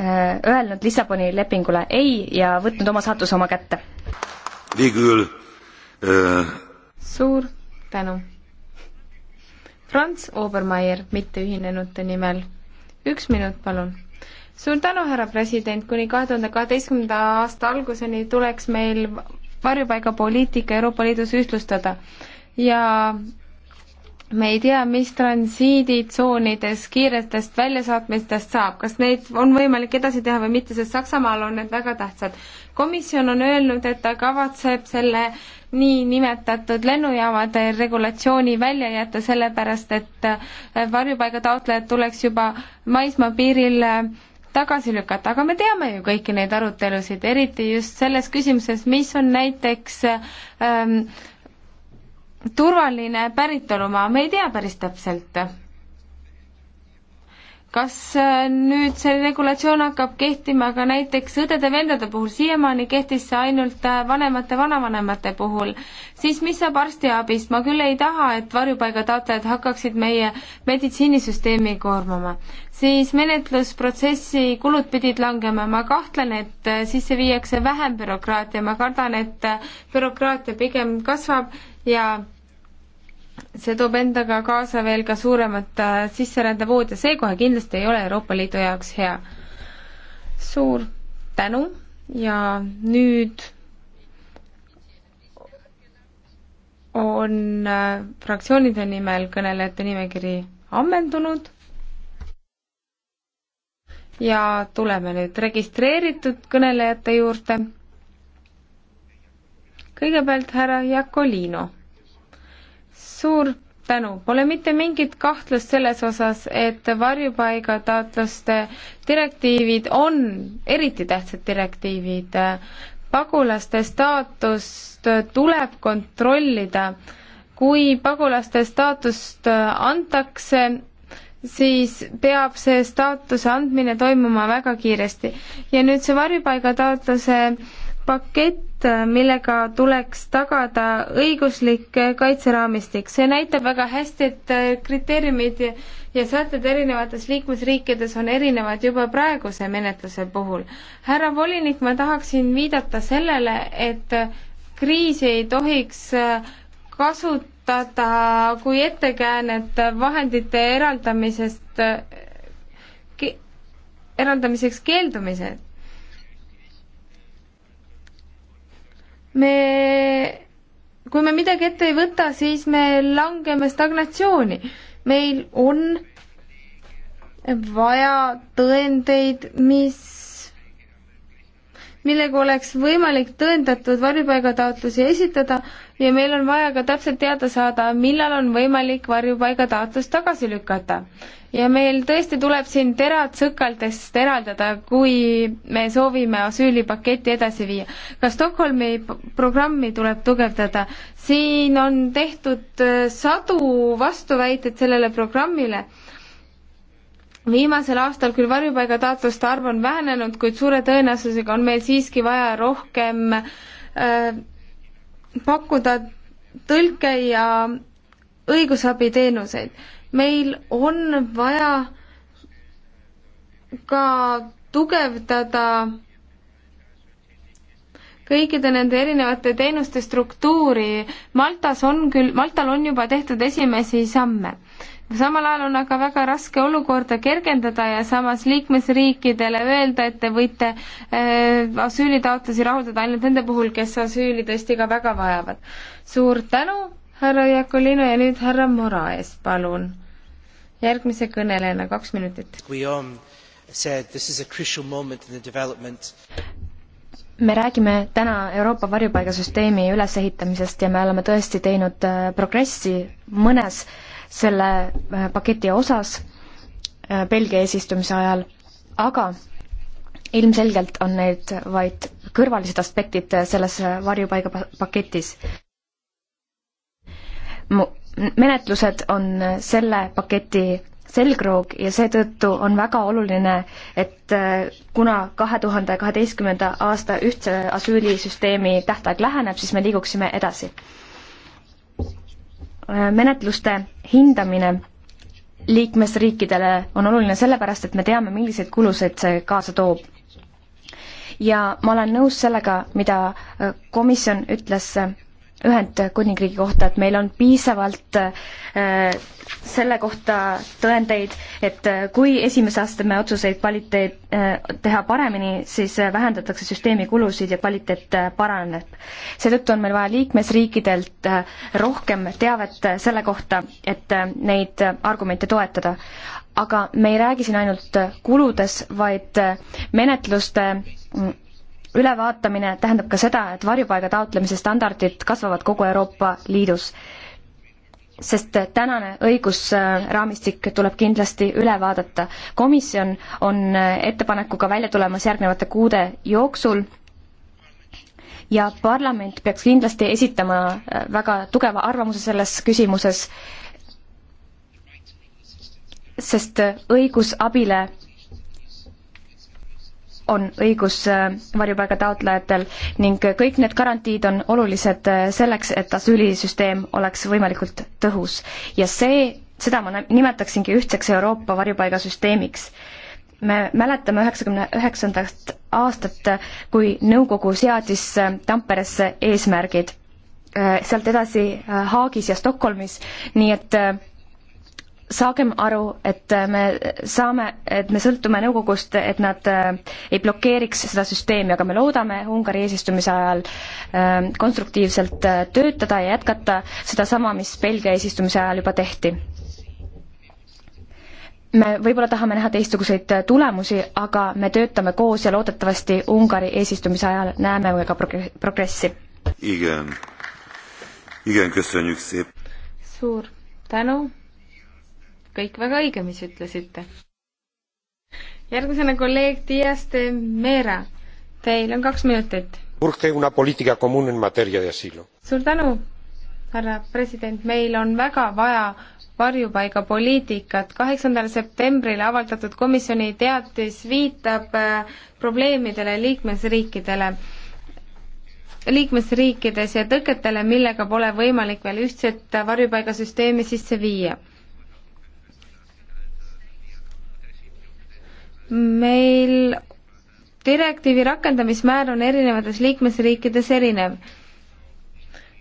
Äh, öelnud Lissaboni lepingule ei ja võtnud oma saatuse oma kätte. Vigül äh.... suur tänu. Franz Obermeier mitteühinenute nimel. üks minut, palun. suur tänu, härra president, kuni kahe tuhande kaheteistkümnenda aasta alguseni tuleks meil varjupaigapoliitika Euroopa Liidus ühtlustada ja me ei tea, mis transiiditsoonides kiiretest väljasaatmistest saab, kas neid on võimalik edasi teha või mitte, sest Saksamaal on need väga tähtsad. komisjon on öelnud, et ta kavatseb selle niinimetatud lennujaamade regulatsiooni välja jätta, sellepärast et äh, varjupaiga taotlejad tuleks juba maismaapiiril äh, tagasi lükata, aga me teame ju kõiki neid arutelusid, eriti just selles küsimuses, mis on näiteks ähm, turvaline päritolumaa, me ei tea päris täpselt. kas äh, nüüd see regulatsioon hakkab kehtima ka näiteks õdede-vendade puhul, siiamaani kehtis see ainult äh, vanemate vanavanemate puhul, siis mis saab arstiabist, ma küll ei taha, et varjupaiga taotlejad hakkaksid meie meditsiinisüsteemi koormama. siis menetlusprotsessi kulud pidid langema, ma kahtlen, et äh, sisse viiakse vähem bürokraatia, ma kardan, et bürokraatia pigem kasvab ja see toob endaga kaasa veel ka suuremat äh, sisserändevood ja see kohe kindlasti ei ole Euroopa Liidu jaoks hea. suur tänu ja nüüd on äh, fraktsioonide nimel kõnelejate nimekiri ammendunud ja tuleme nüüd registreeritud kõnelejate juurde kõigepealt härra Jakolino. suur tänu, pole mitte mingit kahtlust selles osas, et varjupaigataotluste direktiivid on eriti tähtsad direktiivid. pagulaste staatust tuleb kontrollida. kui pagulaste staatust antakse, siis peab see staatuse andmine toimuma väga kiiresti. ja nüüd see varjupaigataotluse äh, pakett, millega tuleks tagada õiguslik kaitseraamistik. see näitab väga hästi, et kriteeriumid ja sätted erinevates liikmesriikides on erinevad juba praeguse menetluse puhul. härra volinik, ma tahaksin viidata sellele, et kriisi ei tohiks kasutada kui ettekäänet vahendite eraldamisest, eraldamiseks keeldumised me, kui me midagi ette ei võta, siis me langeme stagnatsiooni. meil on vaja tõendeid, mis, millega oleks võimalik tõendatud varjupaigataotlusi esitada ja meil on vaja ka täpselt teada saada, millal on võimalik varjupaigataotlus tagasi lükata. ja meil tõesti tuleb siin terad sõkaldest eraldada, kui me soovime asüülipaketti edasi viia. ka Stockholmi programmi tuleb tugevdada, siin on tehtud äh, sadu vastuväiteid sellele programmile viimasel aastal küll varjupaigataotluste arv on vähenenud, kuid suure tõenäosusega on meil siiski vaja rohkem äh, pakkuda tõlke ja õigusabiteenuseid. meil on vaja ka tugevdada kõikide nende erinevate teenuste struktuuri. Maltas on küll, Maltal on juba tehtud esimesi samme samal ajal on aga väga raske olukorda kergendada ja samas liikmesriikidele öelda, et te võite äh, asüülitaotlusi rahuldada ainult nende puhul, kes asüüli tõesti ka väga vajavad. suur tänu, härra Jakolino ja nüüd härra Moraes, palun. järgmise kõnelejana kaks minutit. me räägime täna Euroopa varjupaigasüsteemi ülesehitamisest ja me oleme tõesti teinud äh, progressi mõnes äh, selle äh, paketi osas äh, Belgia eesistumise ajal, aga ilmselgelt on need vaid kõrvalised aspektid äh, selles varjupaigapaketis. menetlused on selle paketi selgroog ja seetõttu on väga oluline, et kuna kahe tuhande kaheteistkümnenda aasta ühtse asüülisüsteemi tähtaeg läheneb, siis me liiguksime edasi Äh, menetluste hindamine liikmesriikidele on oluline sellepärast, et me teame, milliseid kulusid see kaasa toob. ja ma olen nõus sellega, mida äh, komisjon ütles äh, Ühendkuningriigi kohta, et meil on piisavalt äh, selle kohta tõendeid, et äh, kui esimese astme otsuseid kvaliteet, äh, teha paremini, siis vähendatakse süsteemi kulusid ja kvaliteet paraneb. seetõttu on meil vaja liikmesriikidelt rohkem teavet selle kohta, et neid argumente toetada. aga me ei räägi siin ainult kuludes, vaid menetluste mm, ülevaatamine tähendab ka seda, et varjupaiga taotlemise standardid kasvavad kogu Euroopa Liidus. sest tänane õigusraamistik tuleb kindlasti üle vaadata. komisjon on ettepanekuga välja tulemas järgnevate kuude jooksul ja parlament peaks kindlasti esitama väga tugeva arvamuse selles küsimuses, sest õigusabile on õigus äh, varjupaiga taotlejatel ning kõik need garantiid on olulised äh, selleks, et asüülisüsteem oleks võimalikult tõhus. ja see, seda ma nimetaksingi ühtseks Euroopa varjupaigasüsteemiks me mäletame üheksakümne üheksandast aastat, kui nõukogu seadis äh, Tamperesse eesmärgid, sealt edasi Haagis ja Stockholmis, nii et saagem aru, et me saame, et me sõltume nõukogust, et nad äh, ei blokeeriks seda süsteemi, aga me loodame Ungari eesistumise ajal äh, konstruktiivselt äh, töötada ja jätkata sedasama, mis Belgia eesistumise ajal juba tehti. me võib-olla tahame näha teistsuguseid tulemusi, aga me töötame koos ja loodetavasti Ungari eesistumise ajal näeme ka progressi. Igen, igen, köszönjük szép. suur tänu kõik väga õige, mis ütlesite. järgmisena kolleeg Dias de Mera. Teil on kaks minutit. suur tänu, härra president, meil on väga vaja varjupaigapoliitikat. kaheksandal septembril avaldatud komisjoni teatis viitab äh, probleemidele liikmesriikidele, liikmesriikides ja tõketele, millega pole võimalik veel ühtset äh, varjupaigasüsteemi sisse viia meil direktiivi rakendamismäär on erinevates liikmesriikides erinev.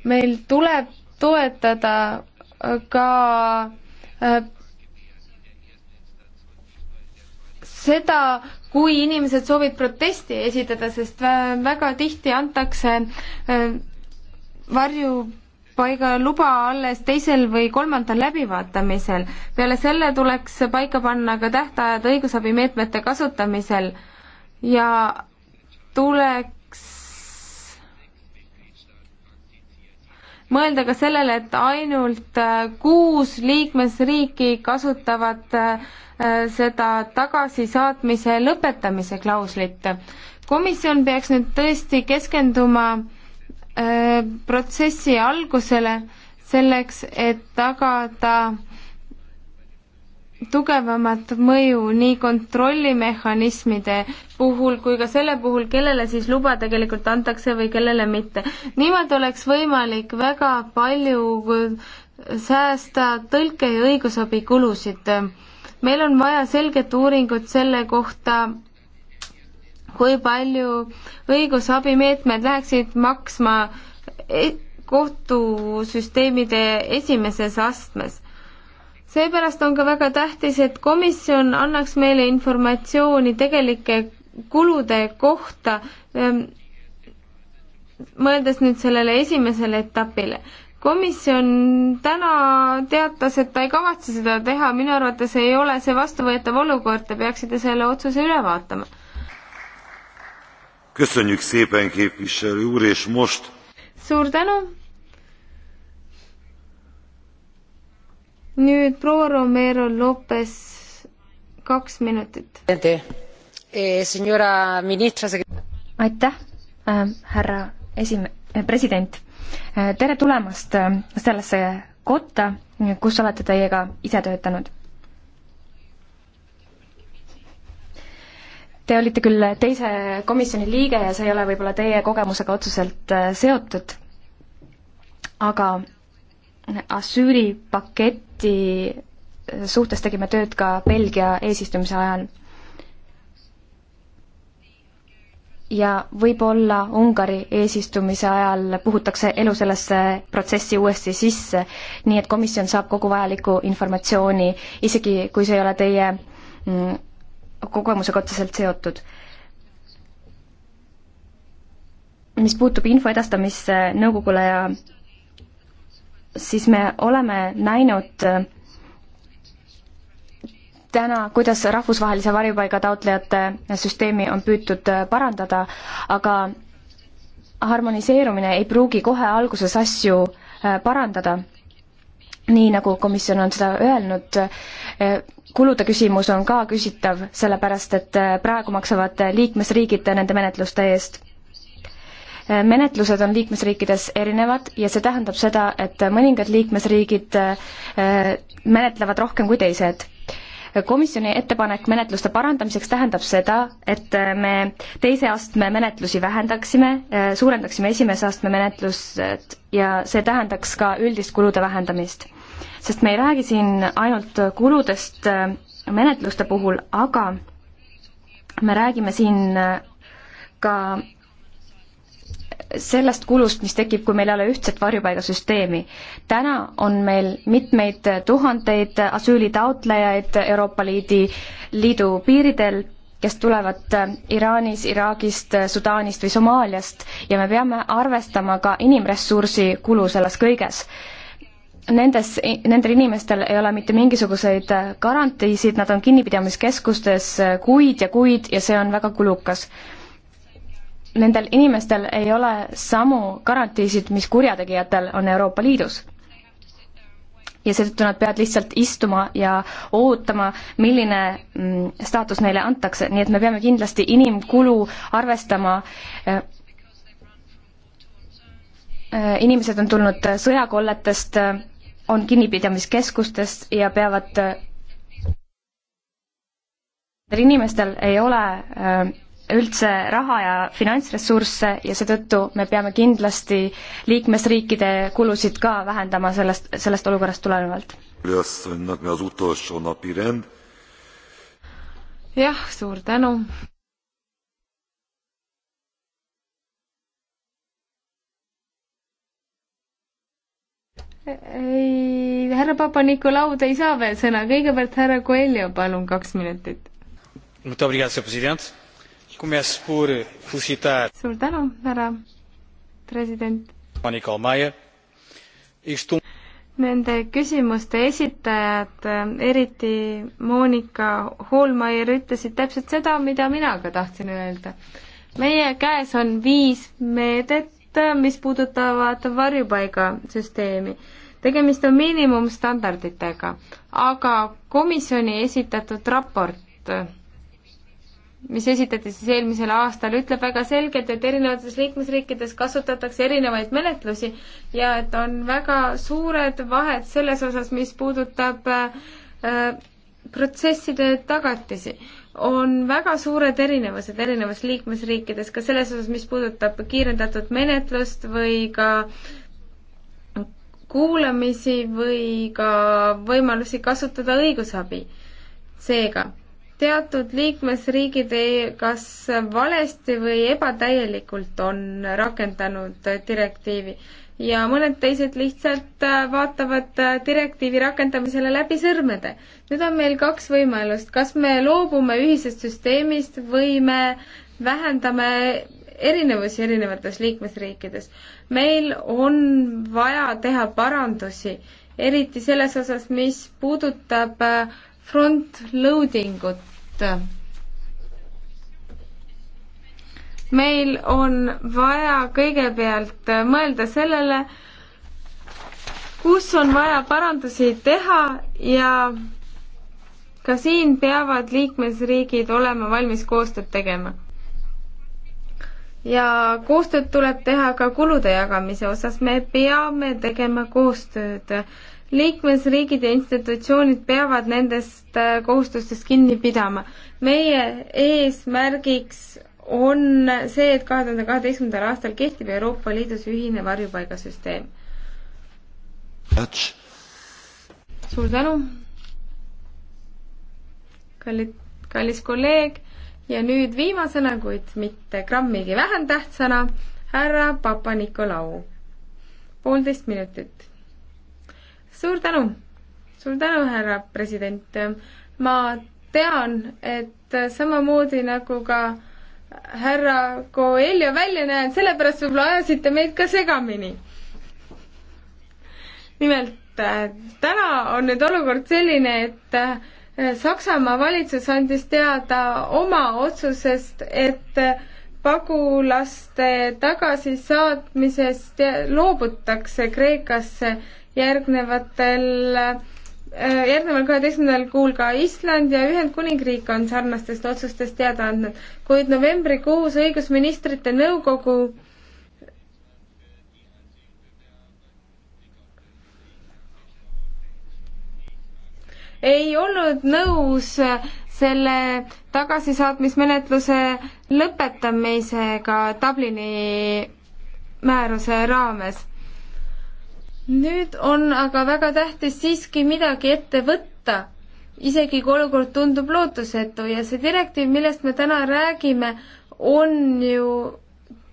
meil tuleb toetada ka äh, seda, kui inimesed soovid protesti esitada, sest äh, väga tihti antakse äh, varju paiga luba alles teisel või kolmandal läbivaatamisel. peale selle tuleks paika panna ka tähtajad õigusabimeetmete kasutamisel ja tuleks mõelda ka sellele, et ainult äh, kuus liikmesriiki kasutavad äh, seda tagasisaatmise lõpetamise klauslit. komisjon peaks nüüd tõesti keskenduma Äh, protsessi algusele selleks, et tagada tugevamat mõju nii kontrollimehhanismide puhul kui ka selle puhul, kellele siis luba tegelikult antakse või kellele mitte. niimoodi oleks võimalik väga palju säästa tõlke ja õigusabi kulusid. meil on vaja selget uuringut selle kohta, kui palju õigusabimeetmed läheksid maksma e-, kohtusüsteemide esimeses astmes. seepärast on ka väga tähtis, et komisjon annaks meile informatsiooni tegelike kulude kohta, ehm, mõeldes nüüd sellele esimesele etapile. komisjon täna teatas, et ta ei kavatse seda teha, minu arvates ei ole see vastuvõetav olukord, te peaksite selle otsuse üle vaatama köszönjük szépen képviselő úr és most. suur tänu. nüüd proua Romero Lopez, kaks minutit. Eh, aitäh, äh, härra esim-, äh, president. Äh, tere tulemast sellesse kotta, kus olete teiega ise töötanud Te olite küll teise komisjoni liige ja see ei ole võib-olla teie kogemusega otseselt äh, seotud, aga Assüüri paketi äh, suhtes tegime tööd ka Belgia eesistumise ajal. ja võib-olla Ungari eesistumise ajal puhutakse elu sellesse protsessi uuesti sisse, nii et komisjon saab kogu vajaliku informatsiooni, isegi kui see ei ole teie mm, kogemusega otseselt seotud. mis puutub info edastamisse nõukogule ja siis me oleme näinud äh, täna, kuidas rahvusvahelise varjupaiga taotlejate süsteemi on püütud äh, parandada, aga harmoniseerumine ei pruugi kohe alguses asju äh, parandada, nii nagu komisjon on seda öelnud, kulude küsimus on ka küsitav, sellepärast et äh, praegu maksavad äh, liikmesriigid äh, nende menetluste eest. menetlused on liikmesriikides erinevad ja see tähendab seda, et mõningad liikmesriigid menetlevad rohkem kui teised komisjoni ettepanek menetluste parandamiseks tähendab seda, et me teise astme menetlusi vähendaksime, suurendaksime esimese astme menetlused ja see tähendaks ka üldist kulude vähendamist sest me ei räägi siin ainult kuludest äh, menetluste puhul, aga me räägime siin äh, ka sellest kulust, mis tekib, kui meil ei ole ühtset varjupaigasüsteemi. täna on meil mitmeid tuhandeid asüülitaotlejaid Euroopa Liidi, Liidu piiridel, kes tulevad äh, Iraanis, Iraagist, Sudaanist või Somaaliast ja me peame arvestama ka inimressursi kulu selles kõiges nendes, nendel inimestel ei ole mitte mingisuguseid äh, garantiisid, nad on kinnipidamiskeskustes äh, kuid ja kuid ja see on väga kulukas. Nendel inimestel ei ole samu garantiisid, mis kurjategijatel on Euroopa Liidus. ja seetõttu nad peavad lihtsalt istuma ja ootama, milline mm, staatus neile antakse, nii et me peame kindlasti inimkulu arvestama äh, inimesed on tulnud sõjakolletest, on kinnipidamiskeskustes ja peavad äh, inimestel ei ole äh, üldse raha ja finantsressursse ja seetõttu me peame kindlasti liikmesriikide kulusid ka vähendama sellest, sellest olukorrast tulenevalt. jah, suur tänu. ei, härra Papa-Nikolau, te ei saa veel sõna, kõigepealt härra Coelho, palun, kaks minutit. suur tänu, härra president. Um- Nende küsimuste esitajad, eriti Monika Hoolmeier, ütlesid täpselt seda, mida mina ka tahtsin öelda. meie käes on viis meedet, mis puudutavad varjupaigasüsteemi tegemist on miinimumstandarditega, aga komisjoni esitatud raport, mis esitati siis eelmisel aastal, ütleb väga selgelt, et erinevates liikmesriikides kasutatakse erinevaid menetlusi ja et on väga suured vahed selles osas, mis puudutab äh, protsesside tagatisi on väga suured erinevused erinevates liikmesriikides ka selles osas, mis puudutab kiirendatud menetlust või ka kuulamisi või ka võimalusi kasutada õigusabi. seega, teatud liikmesriigid kas valesti või ebatäielikult on rakendanud direktiivi ja mõned teised lihtsalt vaatavad direktiivi rakendamisele läbi sõrmede. nüüd on meil kaks võimalust, kas me loobume ühisest süsteemist või me vähendame erinevusi erinevates liikmesriikides. meil on vaja teha parandusi, eriti selles osas, mis puudutab äh, front-loading ut. meil on vaja kõigepealt äh, mõelda sellele, kus on vaja parandusi teha ja ka siin peavad liikmesriigid olema valmis koostööd tegema ja koostööd tuleb teha ka kulude jagamise osas, me peame tegema koostööd. liikmesriigid ja institutsioonid peavad nendest äh, kohustustest kinni pidama. meie eesmärgiks on see, et kahe tuhande kaheteistkümnendal aastal kehtib Euroopa Liidus ühine varjupaigasüsteem. suur tänu, kallid, kallis kolleeg ja nüüd viimasena, kuid mitte grammigi vähem tähtsana, härra Papa-Nikolau. poolteist minutit. suur tänu, suur tänu, härra president. ma tean, et samamoodi nagu ka härra Coelho välja näen, sellepärast võib-olla ajasite meid ka segamini. nimelt täna on nüüd olukord selline, et Saksamaa valitsus andis teada oma otsusest, et pagulaste tagasisaatmisest loobutakse Kreekasse järgnevatel, äh, järgneval kaheteistkümnendal kuul ka Island ja Ühendkuningriik on sarnastest otsustest teada andnud, kuid novembrikuus õigusministrite nõukogu ei olnud nõus selle tagasisaatmismenetluse lõpetamisega Dublini määruse raames. nüüd on aga väga tähtis siiski midagi ette võtta, isegi kui olukord tundub lootusetu ja see direktiiv, millest me täna räägime, on ju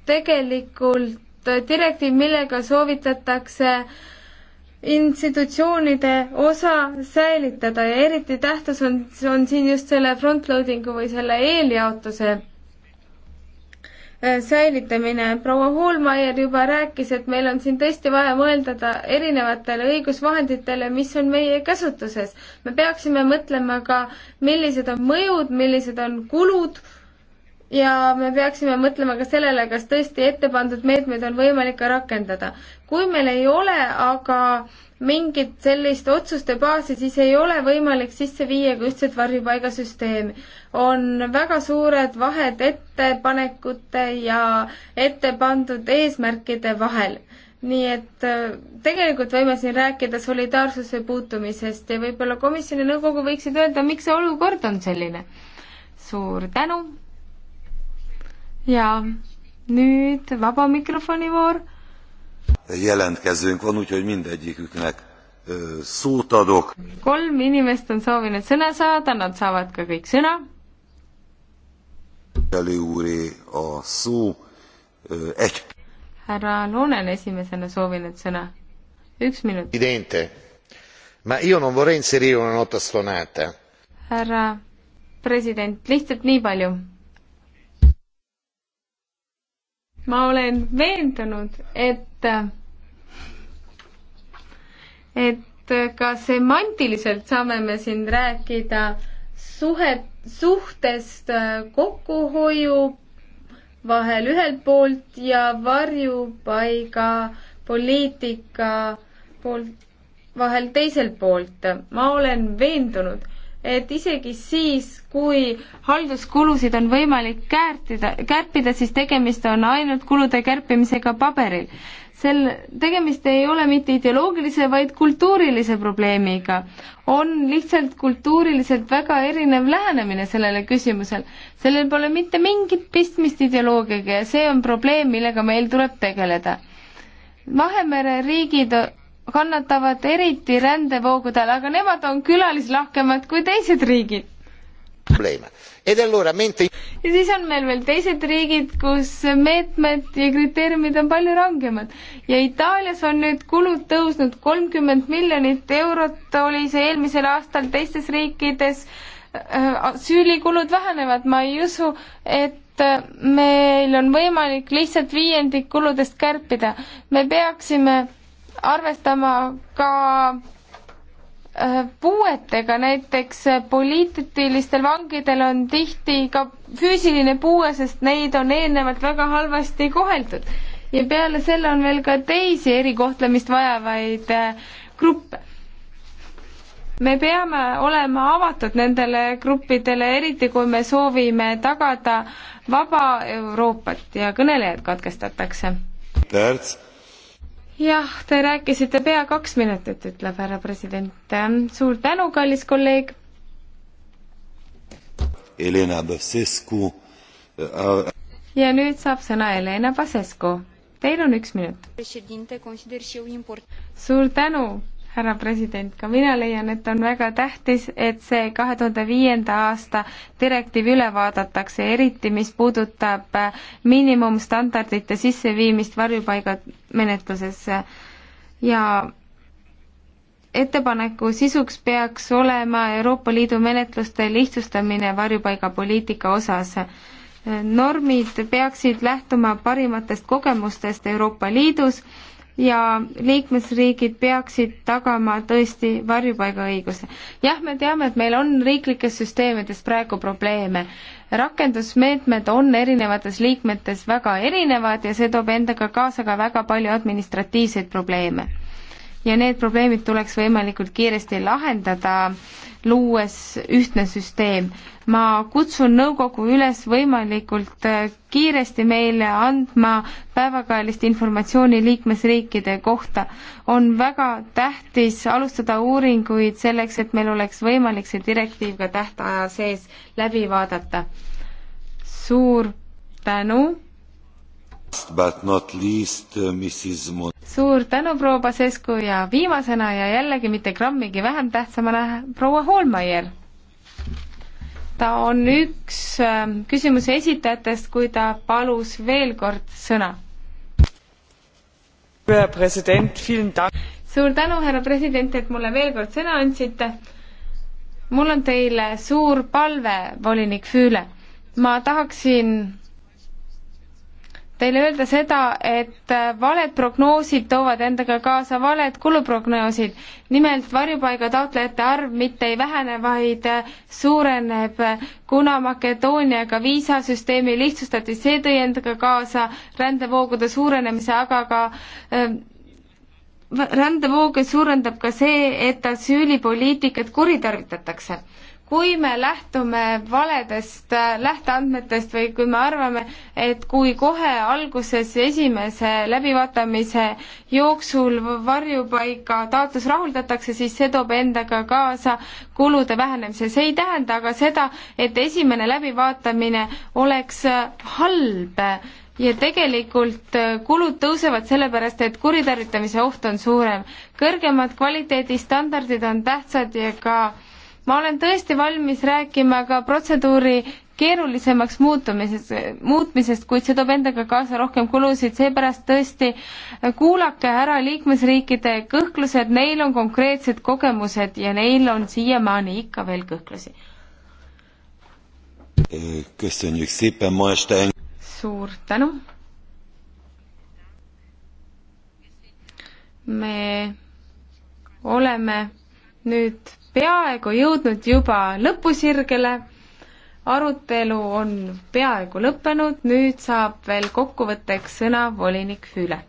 tegelikult direktiiv, millega soovitatakse äh, institutsioonide osa säilitada ja eriti tähtis on, on siin just selle front-loadingu või selle eeljaotuse äh, säilitamine. proua Hoolmeier juba rääkis, et meil on siin tõesti vaja mõeldada erinevatele õigusvahenditele, mis on meie käsutuses. me peaksime mõtlema ka, millised on mõjud, millised on kulud ja me peaksime mõtlema ka sellele, kas tõesti ette pandud meetmeid on võimalik ka rakendada. kui meil ei ole aga mingit sellist otsuste baasi, siis ei ole võimalik sisse viia ka ühtset varjupaigasüsteemi. on väga suured vahed ettepanekute ja ette pandud eesmärkide vahel nii et äh, tegelikult võime siin rääkida solidaarsuse puutumisest ja võib-olla komisjoni nõukogu võiksid öelda, miks see olukord on selline. suur tänu ja nüüd vaba mikrofoni voor. jelentkezünk van, úgyhogy mindegyiküknek szót adok. kolm inimest on soovinud sõna saada, nad saavad ka kõik sõna. Úré a szó egy. härra Loonen esimesena soovinud sõna. üks minut. ma io non vorrei inserire una nota stonata. härra president, lihtsalt nii palju ma olen veendunud, et, et ka semantiliselt saame me siin rääkida suhet, suhtest kokkuhoiu vahel ühelt poolt ja varjupaiga poliitika poolt vahel teiselt poolt. ma olen veendunud et isegi siis, kui halduskulusid on võimalik kärpida, kärpida, siis tegemist on ainult kulude kärpimisega paberil. sel, tegemist ei ole mitte ideoloogilise, vaid kultuurilise probleemiga. on lihtsalt kultuuriliselt väga erinev lähenemine sellele küsimusel. sellel pole mitte mingit pistmist ideoloogiaga ja see on probleem, millega meil tuleb tegeleda. Vahemere riigid kannatavad eriti rändevoogude all, aga nemad on külalislahkemad kui teised riigid. ja siis on meil veel teised riigid, kus meetmed ja kriteeriumid on palju rangemad ja Itaalias on nüüd kulud tõusnud kolmkümmend miljonit eurot oli see eelmisel aastal teistes riikides äh, süülikulud vähenevad, ma ei usu, et meil on võimalik lihtsalt viiendik kuludest kärpida. me peaksime arvestama ka äh, puuetega, näiteks äh, poliitilistel vangidel on tihti ka füüsiline puue, sest neid on eelnevalt väga halvasti koheldud. ja peale selle on veel ka teisi erikohtlemist vajavaid äh, gruppe. me peame olema avatud nendele gruppidele, eriti kui me soovime tagada vaba Euroopat ja kõnelejad katkestatakse jah, te rääkisite pea kaks minutit, ütleb härra president. suur tänu, kallis kolleeg. Helena Basescu äh, äh,. ja nüüd saab sõna Helena Basescu. Teil on üks minut. suur tänu härra president, ka mina leian, et on väga tähtis, et see kahe tuhande viienda aasta direktiiv üle vaadatakse, eriti mis puudutab äh, miinimumstandardite sisseviimist varjupaigamenetluses ja ettepaneku sisuks peaks olema Euroopa Liidu menetluste lihtsustamine varjupaigapoliitika osas äh, normid peaksid lähtuma parimatest kogemustest Euroopa Liidus ja liikmesriigid peaksid tagama tõesti varjupaigaõiguse. jah, me teame, et meil on riiklikes süsteemides praegu probleeme. rakendusmeetmed on erinevates liikmetes väga erinevad ja see toob endaga kaasa ka väga palju administratiivseid probleeme. ja need probleemid tuleks võimalikult kiiresti lahendada äh, luues ühtne süsteem. ma kutsun nõukogu üles võimalikult äh, kiiresti meile andma päevakajalist informatsiooni liikmesriikide kohta. on väga tähtis alustada uuringuid selleks, et meil oleks võimalik see direktiiv ka tähtaja sees läbi vaadata. suur tänu Least, uh, suur tänu, proua Pasescu ja viimasena ja jällegi mitte grammigi vähem tähtsamana proua Hoolmeier. ta on üks ähm, küsimuse esitajatest, kui ta palus veel kord sõna. suur tänu, härra president, et mulle veel kord sõna andsite. mul on teile suur palve, volinik Füüle. ma tahaksin teile öelda seda, et äh, valed prognoosid toovad endaga kaasa valed kuluprognoosid. nimelt varjupaiga taotlejate arv mitte ei vähene, vaid äh, suureneb, kuna Makedooniaga viisasüsteemi lihtsustati, see tõi endaga kaasa rändevoogude suurenemise, aga ka äh, rändevooge suurendab ka see, et asüülipoliitikat kuritarvitatakse kui me lähtume valedest äh, lähteandmetest või kui me arvame, et kui kohe alguses esimese läbivaatamise jooksul varjupaika taotlus rahuldatakse, siis see toob endaga kaasa kulude vähenemise. see ei tähenda aga seda, et esimene läbivaatamine oleks äh, halb ja tegelikult äh, kulud tõusevad sellepärast, et kuritarvitamise oht on suurem. kõrgemad kvaliteedistandardid on tähtsad ja ka ma olen tõesti valmis rääkima ka protseduuri keerulisemaks muutumisest, muutmisest, kuid see toob endaga kaasa rohkem kulusid, seepärast tõesti äh, kuulake ära liikmesriikide kõhklused, neil on konkreetsed kogemused ja neil on siiamaani ikka veel kõhklusi. suur tänu. me oleme nüüd peaaegu jõudnud juba lõpusirgele, arutelu on peaaegu lõppenud, nüüd saab veel kokkuvõtteks sõna volinik Füüle.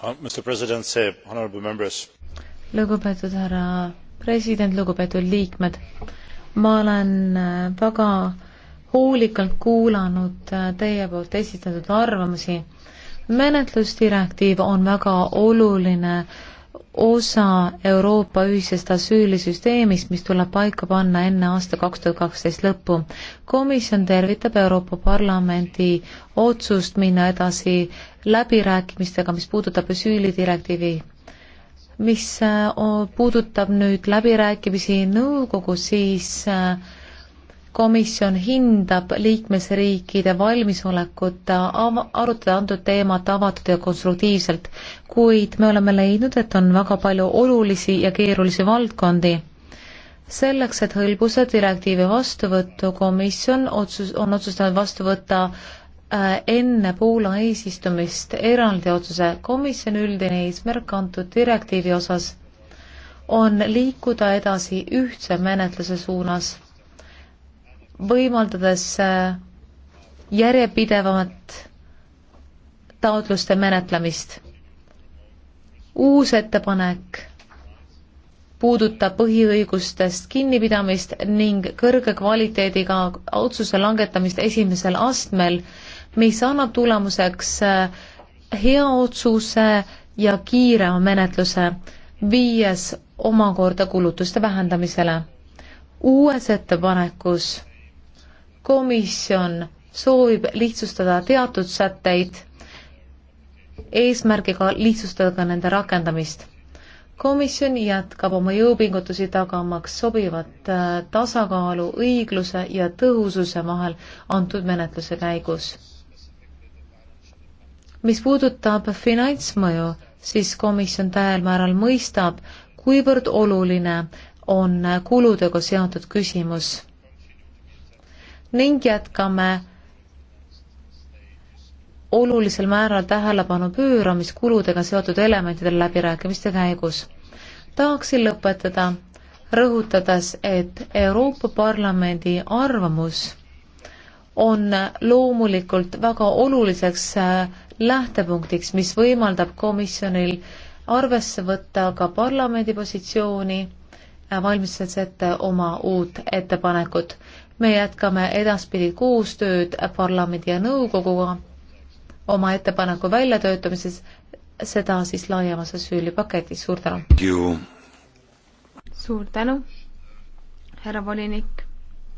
Uh, lugupeetud härra president, lugupeetud liikmed, ma olen äh, väga hoolikalt kuulanud äh, teie poolt esitatud arvamusi. menetlusdirektiiv on väga oluline äh, osa Euroopa ühisest asüülisüsteemist, mis tuleb paika panna enne aasta kaks tuhat kaksteist lõppu. komisjon tervitab Euroopa Parlamendi otsust minna edasi läbirääkimistega, mis puudutab asüülidirektiivi, mis äh, puudutab nüüd läbirääkimisi nõukogus, siis äh, komisjon hindab liikmesriikide valmisolekut arutada antud teemat avatud ja konstruktiivselt, kuid me oleme leidnud, et on väga palju olulisi ja keerulisi valdkondi. selleks, et hõlbuse direktiivi vastuvõttu, komisjon otsus, on otsustanud vastu võtta äh, enne Poola eesistumist eraldi otsuse. komisjoni üldine eesmärk antud direktiivi osas on liikuda edasi ühtse menetluse suunas võimaldades äh, järjepidevamat taotluste menetlemist. uus ettepanek puudutab põhiõigustest kinnipidamist ning kõrge kvaliteediga otsuse langetamist esimesel astmel, mis annab tulemuseks äh, hea otsuse ja kiire menetluse, viies omakorda kulutuste vähendamisele. uues ettepanekus komisjon soovib lihtsustada teatud sätteid eesmärgiga lihtsustada ka nende rakendamist. komisjon jätkab oma jõupingutusi tagamaks sobivat äh, tasakaalu õigluse ja tõhususe vahel antud menetluse käigus. mis puudutab finantsmõju, siis komisjon täiel määral mõistab, kuivõrd oluline on kuludega seotud küsimus ning jätkame olulisel määral tähelepanu pööramist kuludega seotud elementidele läbirääkimiste käigus. tahaksin lõpetada rõhutades, et Euroopa Parlamendi arvamus on loomulikult väga oluliseks äh, lähtepunktiks, mis võimaldab komisjonil arvesse võtta ka parlamendi positsiooni, äh, valmistades ette oma uut ettepanekut me jätkame edaspidi koostööd parlamendi ja nõukoguga oma ettepaneku väljatöötamises, seda siis laiemas asüülipaketis, suur tänu! suur tänu, härra volinik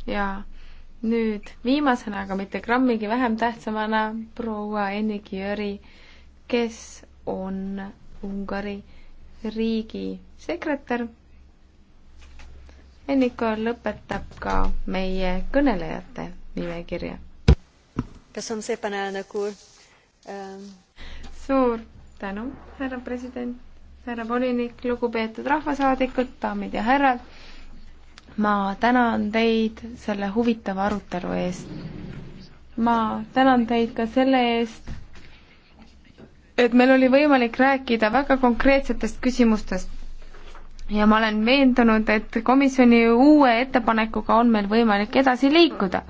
ja nüüd viimasena, aga mitte grammigi vähem tähtsamana, proua Enniki Jüri, kes on Ungari riigisekretär Enniko lõpetab ka meie kõnelejate nimekirja. suur tänu, härra president, härra volinik, lugupeetud rahvasaadikud, daamid ja härrad. ma tänan teid selle huvitava arutelu eest. ma tänan teid ka selle eest, et meil oli võimalik rääkida väga konkreetsetest küsimustest ja ma olen veendunud, et komisjoni uue ettepanekuga on meil võimalik edasi liikuda.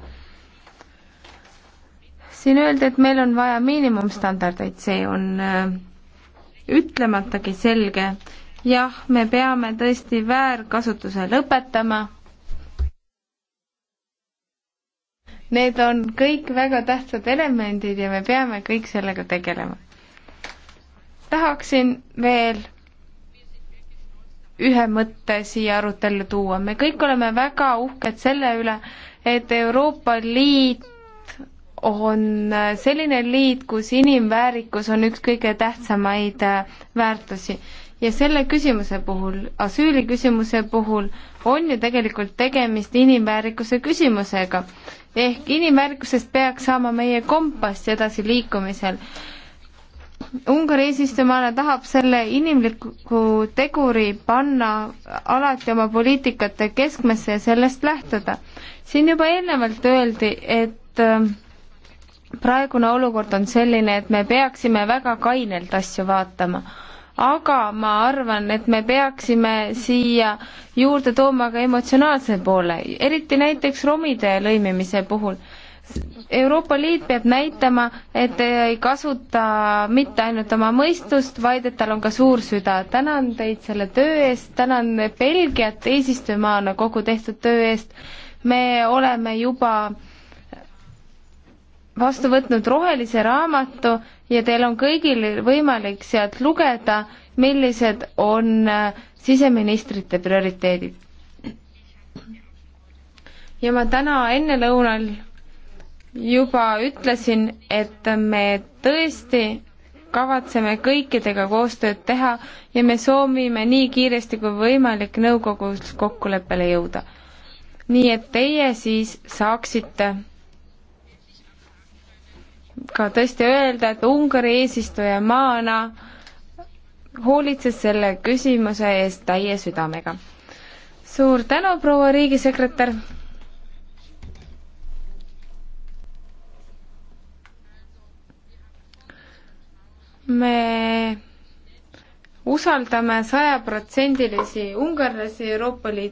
siin öeldi, et meil on vaja miinimumstandardeid, see on äh, ütlematagi selge. jah, me peame tõesti väärkasutuse lõpetama. Need on kõik väga tähtsad elemendid ja me peame kõik sellega tegelema. tahaksin veel ühe mõtte siia arutellu tuua. me kõik oleme väga uhked selle üle, et Euroopa Liit on selline liit, kus inimväärikus on üks kõige tähtsamaid äh, väärtusi. ja selle küsimuse puhul, asüüli küsimuse puhul, on ju tegelikult tegemist inimväärikuse küsimusega. ehk inimväärikusest peaks saama meie kompass edasiliikumisel Ungari eesistujamaana tahab selle inimliku teguri panna alati oma poliitikate keskmesse ja sellest lähtuda. siin juba eelnevalt öeldi, et äh, praegune olukord on selline, et me peaksime väga kainelt asju vaatama aga ma arvan, et me peaksime siia juurde tooma ka emotsionaalse poole, eriti näiteks romide lõimimise puhul. Euroopa Liit peab näitama, et ta ei kasuta mitte ainult oma mõistust, vaid et tal on ka suur süda. tänan teid selle töö eest, tänan Belgiat eesistujamaana kogu tehtud töö eest. me oleme juba vastu võtnud rohelise raamatu ja teil on kõigil võimalik sealt lugeda, millised on äh, siseministrite prioriteedid. ja ma täna ennelõunal juba ütlesin, et me tõesti kavatseme kõikidega koostööd teha ja me soovime nii kiiresti kui võimalik nõukogus kokkuleppele jõuda. nii et teie siis saaksite ka tõesti öelda, et Ungari eesistujamaana hoolitses selle küsimuse eest täie südamega. suur tänu, proua riigisekretär! me usaldame sajaprotsendilisi ungarlasi Euroopa Liidu